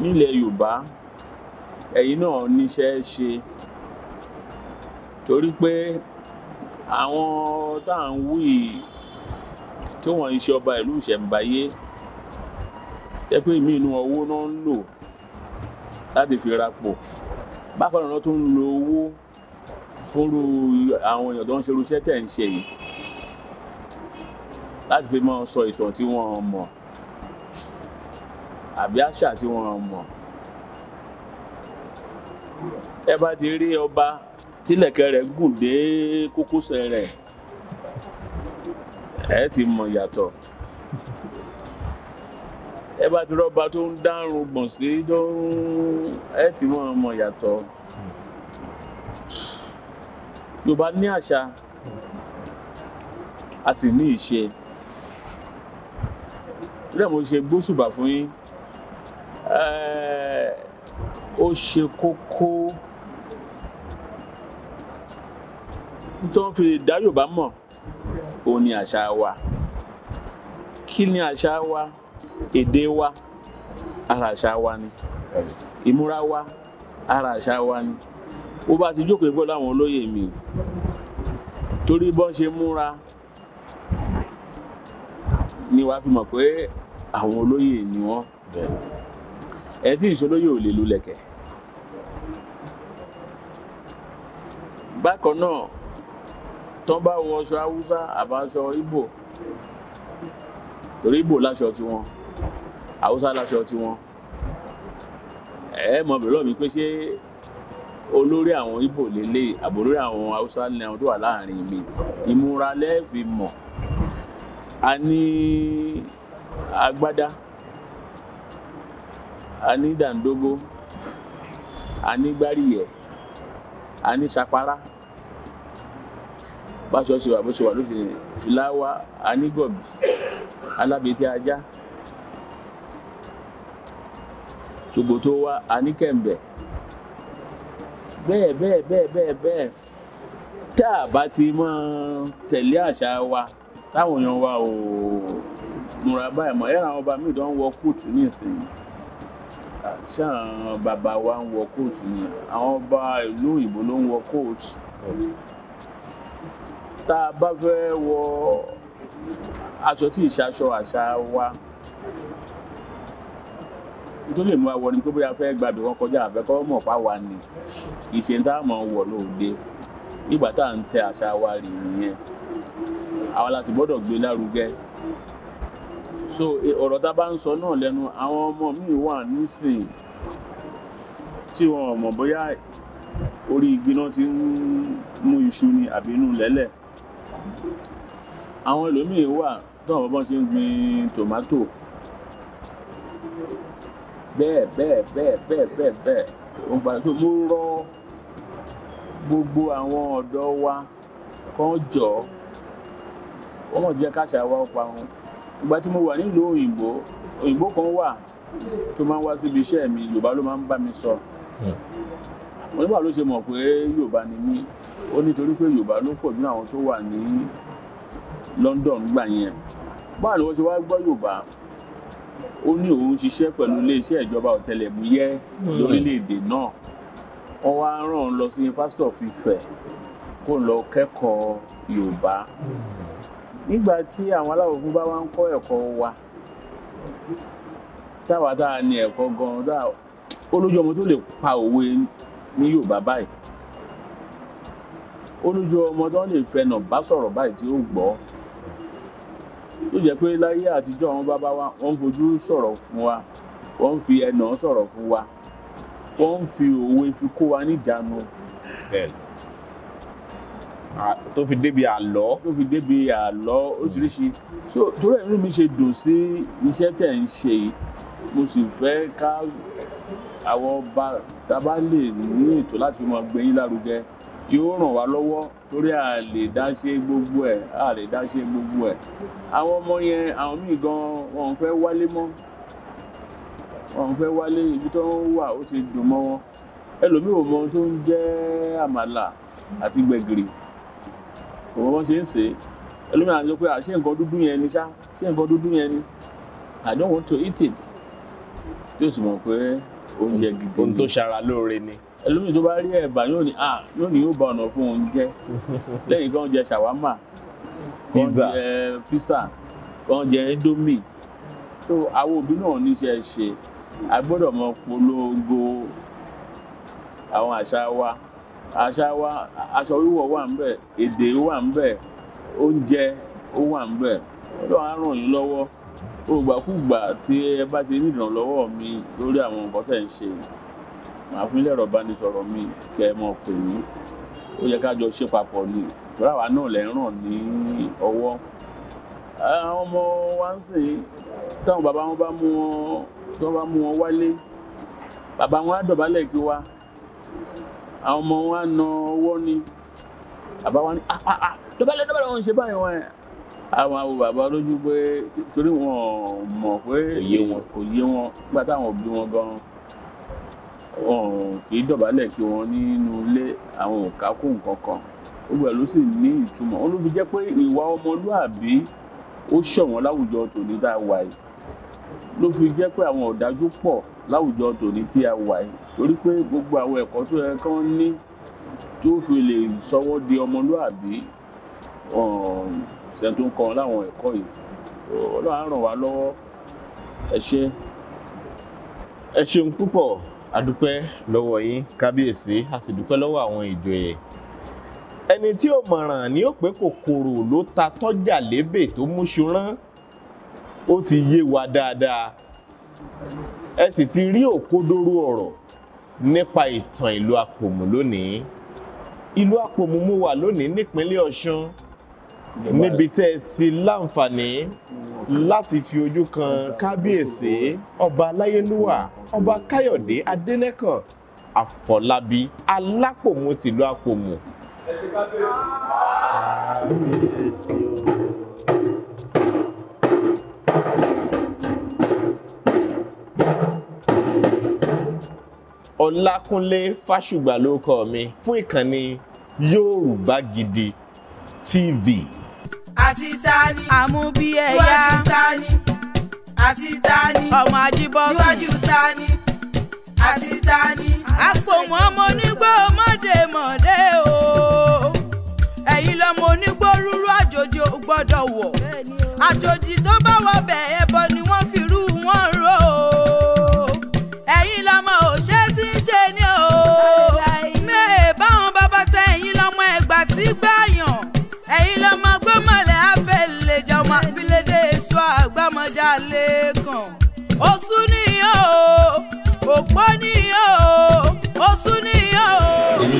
nílẹ̀ Yorùbá ẹ̀yin náà níṣẹ́ ṣe torí pé àwọn tá à ń wí tí wọ́n ń ṣe ọba ìlú ìṣẹ̀ǹbáyé jẹ pé ìmí inú owó náà ń lò láti fi rapò bákan náà tó ń lo owó fúnru àwọn èèyàn tó ń ṣerú iṣẹ́ tẹ̀ ń ṣe yìí láti fi máa sọ ìtàn tí wọ́n mọ̀ àbí àṣà tí wọ́n mọ̀ ẹ bá ti rí ọba tílẹ̀kẹ̀ rẹ̀ gùn dé kókósẹ̀ rẹ̀ ẹ ti mọ̀ yàtọ̀ ẹ bá ti rọ́bà tó ń dárun gbọ̀n sí tó ń ẹ ti mọ ọmọ yàtọ̀ Yorùbá ní àṣà a sì ní ìṣe rẹ mo ṣe gbóṣùbà fún yín ó ṣe kókó tó ń fi dá Yorùbá mọ̀ òun ni àṣà wa kí ni àṣà wa èdè wa ara àṣà wa ni ìmúra wa ara àṣà wa ni ó bá ti jókòó pẹ̀lú àwọn olóyè mi torí bọ́n ṣe múra ni wàá fi mọ̀ pé àwọn olóyè ni wọ́n ẹ tí ìṣolóyè ò lè lu lẹ̀kẹ̀ bákan náà tán bá wọ aṣọ haúsá àbáṣọ ìbò torí ìbò láṣọ tiwọn haúsá láṣọ tiwọn ẹ mọ bẹ̀rẹ̀ lọ́ọ̀ mi pé ṣé olórí àwọn Ìgbò lélẹ̀ àbò olórí àwọn haúsá ní àwọn tó wà láàrin mi ìmúra lẹ́ẹ̀fì mọ̀ a ní agbádá a ní dàńdógó a ní gbáríyẹ a ní sapara báṣọ ṣe wà bó ṣe wà ló ṣe fìláwà a ní gọ̀bì alábẹ́tí ajá. Òṣogbo tó wá a ní Kẹ̀m̀bẹ̀ bẹ́ẹ̀ bẹ́ẹ̀ bẹ́ẹ̀ bẹ́ẹ̀ bẹ́ẹ̀ tá a bá ti mọ́ tẹ̀lé àṣà wa táwọn èèyàn wa ò múra báyìí mọ́ ẹ̀rọ àwọn ọba mi tó ń wọ kóòtù nísìnyí ṣáà bàbá wa ń wọ kóòtù ni àwọn ọba ìlú òyìnbó ló ń wọ kóòtù tá a bá fẹ́ wọ aṣọ tí ìṣaṣọ àṣà wa tó lè mú wa wọ ni pé bóyá fẹ́ gbàgbé wọn kọjá àfẹ́kọ́ mọ̀ pa wa ni kì í ṣe táwọn wọ̀ lóde ìgbà tá à ń tẹ àṣà wa rì nìyẹn àwa láti gbọ́dọ̀ gbé lárugẹ so e, ọ̀rọ̀ tá a bá ń sọ náà lẹ́nu àwọn ọmọ mi wà nísìn tí wọn ò mọ̀ bóyá orí igi náà ti ń mú iṣu ni àbí inú lẹ́lẹ̀ àwọn ẹlòmíín wà tó àwọn bọ́n ṣe ń gbin tòmátò bẹ́ẹ̀ bẹ́ẹ̀ bẹ́ẹ̀ bẹ́ẹ̀ bẹ́ẹ̀ bẹ́ẹ̀ ògbà tó mú rọ gbogbo àwọn ọ̀dọ́ wa kan jọ wọ́n mọ̀ jẹ́ káṣà wa pa wọn ìgbà tí mo wà nílùú òyìnbó òyìnbó kan wà tó máa ń wá síbi iṣẹ́ mi yorùbá ló máa ń bá mi sọ hmm. mo nígbà ló ṣe mọ̀ pé yorùbá ni mí ó nítorí pé yorùbá ló pọ̀ nínú àwọn tó wà ní London gbà yẹn báwo ni wọ́n ṣe wá gbọ́ yorùbá ó ní òun ṣiṣẹ́ pẹ̀lú iléeṣẹ́ ìjọba ọ̀tẹlẹ̀múyẹ́ hmm. lórílẹ̀‐èdè náà wọ́n wá rán an lọ sí yunifásitì of Ifẹ̀ kó lọ kẹ́kọ̀ọ́ Yorùbá nígbà tí àwọn aláwọ̀ fún bá wá ń kọ́ ẹ̀kọ́ wa táwa tá ní ẹ̀kọ́ gan-an tá ọmọ tó lè pa òwe ní Yorùbá báyìí ó lójú ọmọ tó lè fẹnà bá sọ̀rọ̀ báyìí tí ó gbọ́ ló jẹ́ pé láyé àtijọ́ àwọn bàbá wa wọ́n ń fojú sọ̀rọ̀ fún wa wọ́n ń fi ẹnà sọ̀rọ̀ fún wa wọ́n ń fi òwe fi kó wa níjànú. tó fi débi àlọ́. tó fi débi àlọ́ oríṣiríṣi so torí ẹ̀rín mi ṣe dùn sí iṣẹ́ tẹ̀ ń ṣe yìí mo sì fẹ́ ká àwọn bá tá a bá lè ní ètò láti máa gbé yín lárugẹ yóò ràn wá lọ́wọ́ torí a lè dá ṣe gbogbo ẹ̀ a lè dá ṣe gbogbo ẹ̀ àwọn ọmọ yẹn àwọn míì gan wọn ò fẹ́ wálé mọ́ wọn ò fẹ́ wálé ibi tó ń wà ó ti dùn mọ́ wọn ẹlòmíì ò mọ tó ń jẹ́ àmàlà àti gbẹ̀gìrì kò mọ bọ́n ṣe ń ṣe ẹlòmíì àti pé ṣé nǹkan dúdú yẹn ni ṣá ṣé nǹkan dúdú yẹn ni I don't want to eat it yóò sì mọ̀ pé oúnjẹ gidi ni ohun tó ṣara lóore ni ẹlòmíì tó bá rí ẹ̀bà yóò ní ah yóò ní yóò bá ọ̀nà fún òun jẹ́ lẹ́yìn kan jẹ ṣàwámà kan jẹ písà kan jẹ índómì tó àwọn òbí náà níṣẹ́ ṣe a gbọ́dọ̀ mọ polongo àwọn àṣà wa àṣà wa aṣọ wíwọ̀ wà ń bẹ̀ èdè wà ń bẹ̀ oúnjẹ ó wà ń bẹ̀ ọlọ́run á ràn yín lọ́wọ́ ògbàkúgbà tí ẹ bá ti ní ìrànlọ́wọ́ mi lórí àwọn nǹkan tẹ̀ ń ṣe yìí màá fún ilé ẹ̀rọ ìbánisọ̀rọ̀ mi kẹ́ ẹ mọ̀ pè mí ó yẹ ká jọ ṣe papọ̀ ni ìtura wa náà lẹ́ ń ràn ní ọwọ́ àwọn ọmọ wa ń sìn táwọn bàbá wọn bá mú wọn tí wọn bá mú wọn wálé bàbá wọn á dọ̀bálẹ̀ kí wa àwọn ọmọ wọn á na ọwọ́ ni bàbá wọn ní àpàpà ah, ah, ah, dọ̀bálẹ̀ dọ̀bálẹ̀ wọn ń ṣe báyìí wọn àwọn àwọn bàbá lójú pé torí wọn mọ̀ pé kò yé wọn nígbà táwọn òbí wọn gan-an kì í dọ̀bálẹ̀ kí wọ́n nínú ilé àwọn ò kákó nǹkan kan gbogbo ẹ̀ ló sì ní ìtumọ̀ ó ló fi jẹ́ pé ìwà ọmọlúàbí ó ṣọ̀wọ́n láwùjọ tòní tá a wà yìí ló fi jẹ́ pé àwọn ọ̀dájú pọ̀ láwùjọ tòní tí a wà yìí torí pé gbogbo àwọn ẹ̀kọ́ tó yẹ kán ní tó fi lè sọwọ́ di ọmọlúàbí ṣe tó ń kọ́ láwọn ẹ̀kọ́ yìí ọlọ́run á ràn wá lọ́wọ́ ẹ ṣé. ẹ ṣeun púpọ̀ adúpẹ́ lọ́wọ́ yín kábíyèsí a sì dúpẹ́ lọ́wọ́ àwọn ìjòyè ẹni tí ò mọ̀ràn ní ó pé kòkòrò ló ta tọ́jà lébè tó múṣu rán ó ti yé wa dáadáa ẹ sì ti rí òkodoro ọ̀rọ̀ nípa ìtàn ìlú Àpòmù lónìí ìlú Àpòmù mo wà lónìí nípínlẹ̀ Ọ̀ṣun níbi tẹ́ ẹ ti láǹfààní láti fi ojú kan kábíyèsí ọba aláyélúwà ọba káyọ̀dé adẹ́nẹ́kàn àfọlábí alápòmù tìlú àpòmù. ẹ ti kábíyèsí. kábíyèsí o. Ọlákúnlé Fásùgbà ló kọ mi fún ìkànnì Yorùbá Gidi TV àti tani. àmú bí ẹ̀yà. iwájú tani. àti tani. ọmọ ajíbọ́sùn. iwájú tani. àti tani. àpòmọ́ ọmọ onígbó mọ́dé mọ́dé o. ẹ̀yin lọ́mọ onígbó rúrú àjòjì ò gbọ́dọ̀ wọ̀. àjòjì tó bá wọ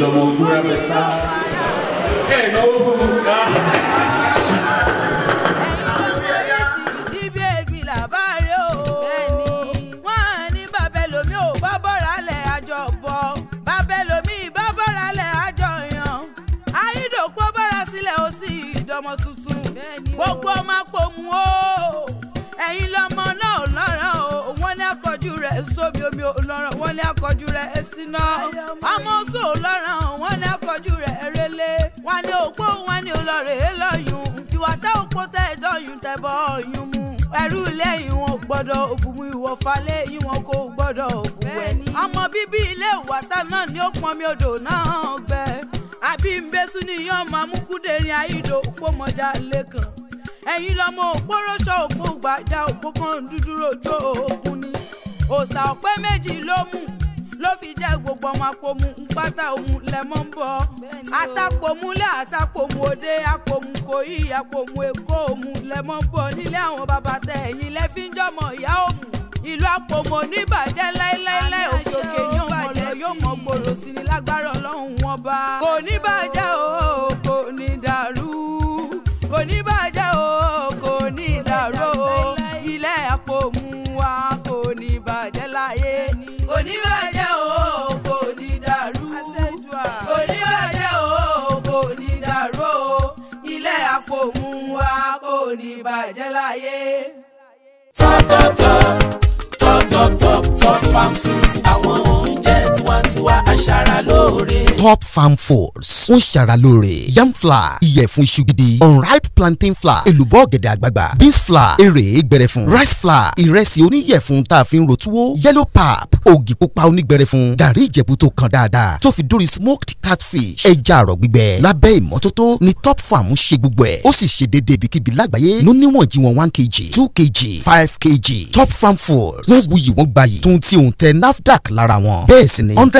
lọ́mọ ojú rẹ̀ fẹ́ sá ẹ̀ náwó lómi omi ọlọ́run wọ́n ní akọjú rẹ̀ ẹ síná. amọ́sọ ọlọ́run wọ́n ní akọjú rẹ̀ ẹ rẹ́lẹ̀. wọ́n ní òpó wọn ní lọ́yún. ìwà tá òpó tẹ tẹ bọ́ mu. ẹrú ilé yìí wọn ìwọ falẹ yìí ni ó pọn mi odò náà gbẹ. àbí ni yóò máa mú òpó lẹ́kàn ẹ̀yin lọmọ òpó gbàjà òpó òòsà ọ̀pẹ méjì ló mú ló fi jẹ́ gbogbo ọmọ àpòmù pátá òun lẹ́mọ́ ń bọ̀ àtàpòmúlẹ̀ àtàpòmù òde àpòmù kòyí àpòmù èkó òun lẹ́mọ́ ń bọ̀ nílé àwọn bàbá tẹ ẹ̀yìn lẹ́fíńjọ́mọ̀ ìyá òmù ìlú àpòmù oníbàjẹ́ láéláélá òkè òkè yóò mọ̀ lọ yóò mọ̀ gbòòrò sí ni lágbára ọlọ́run wọn bá. kò ní bàjẹ́ o kò ní dàrú kò ní bàjẹ́ o kò ní dàrú ilé àpòmù. ò ní bàjẹ́ láyé. tọ́tọ̀tọ̀ tọ́tọ̀tọ̀ top farm fruits àwọn oúnjẹ tiwa aṣara top farm foods ń ṣara yam flour ìyẹ̀fun iṣu gidi unripe plantain flour èlùbọ́ ọ̀gẹ̀dẹ̀ àgbagbà beans flour èrè gbẹrẹfun rice flour ìrẹsì oníyẹ̀fun tá a fi ń ro túwó yellow pap ògì pupa onígbẹrẹfun gàrí ìjẹ̀bú tó kan dáadáa tó fi dórí smoked catfish ẹja àrọ̀ gbígbẹ lábẹ́ ìmọ́tótó ni top farm ń ṣe gbogbo ẹ̀ ó sì ṣe déédéé ibikíbi lágbàáyé ló níwọ̀n jí one kg two kg five kg top farm foods wọ́n wuyì wọ́n gbayì tuntun tí òun tẹ nafdac lára wọn bẹ́ẹ̀ sì ni hundred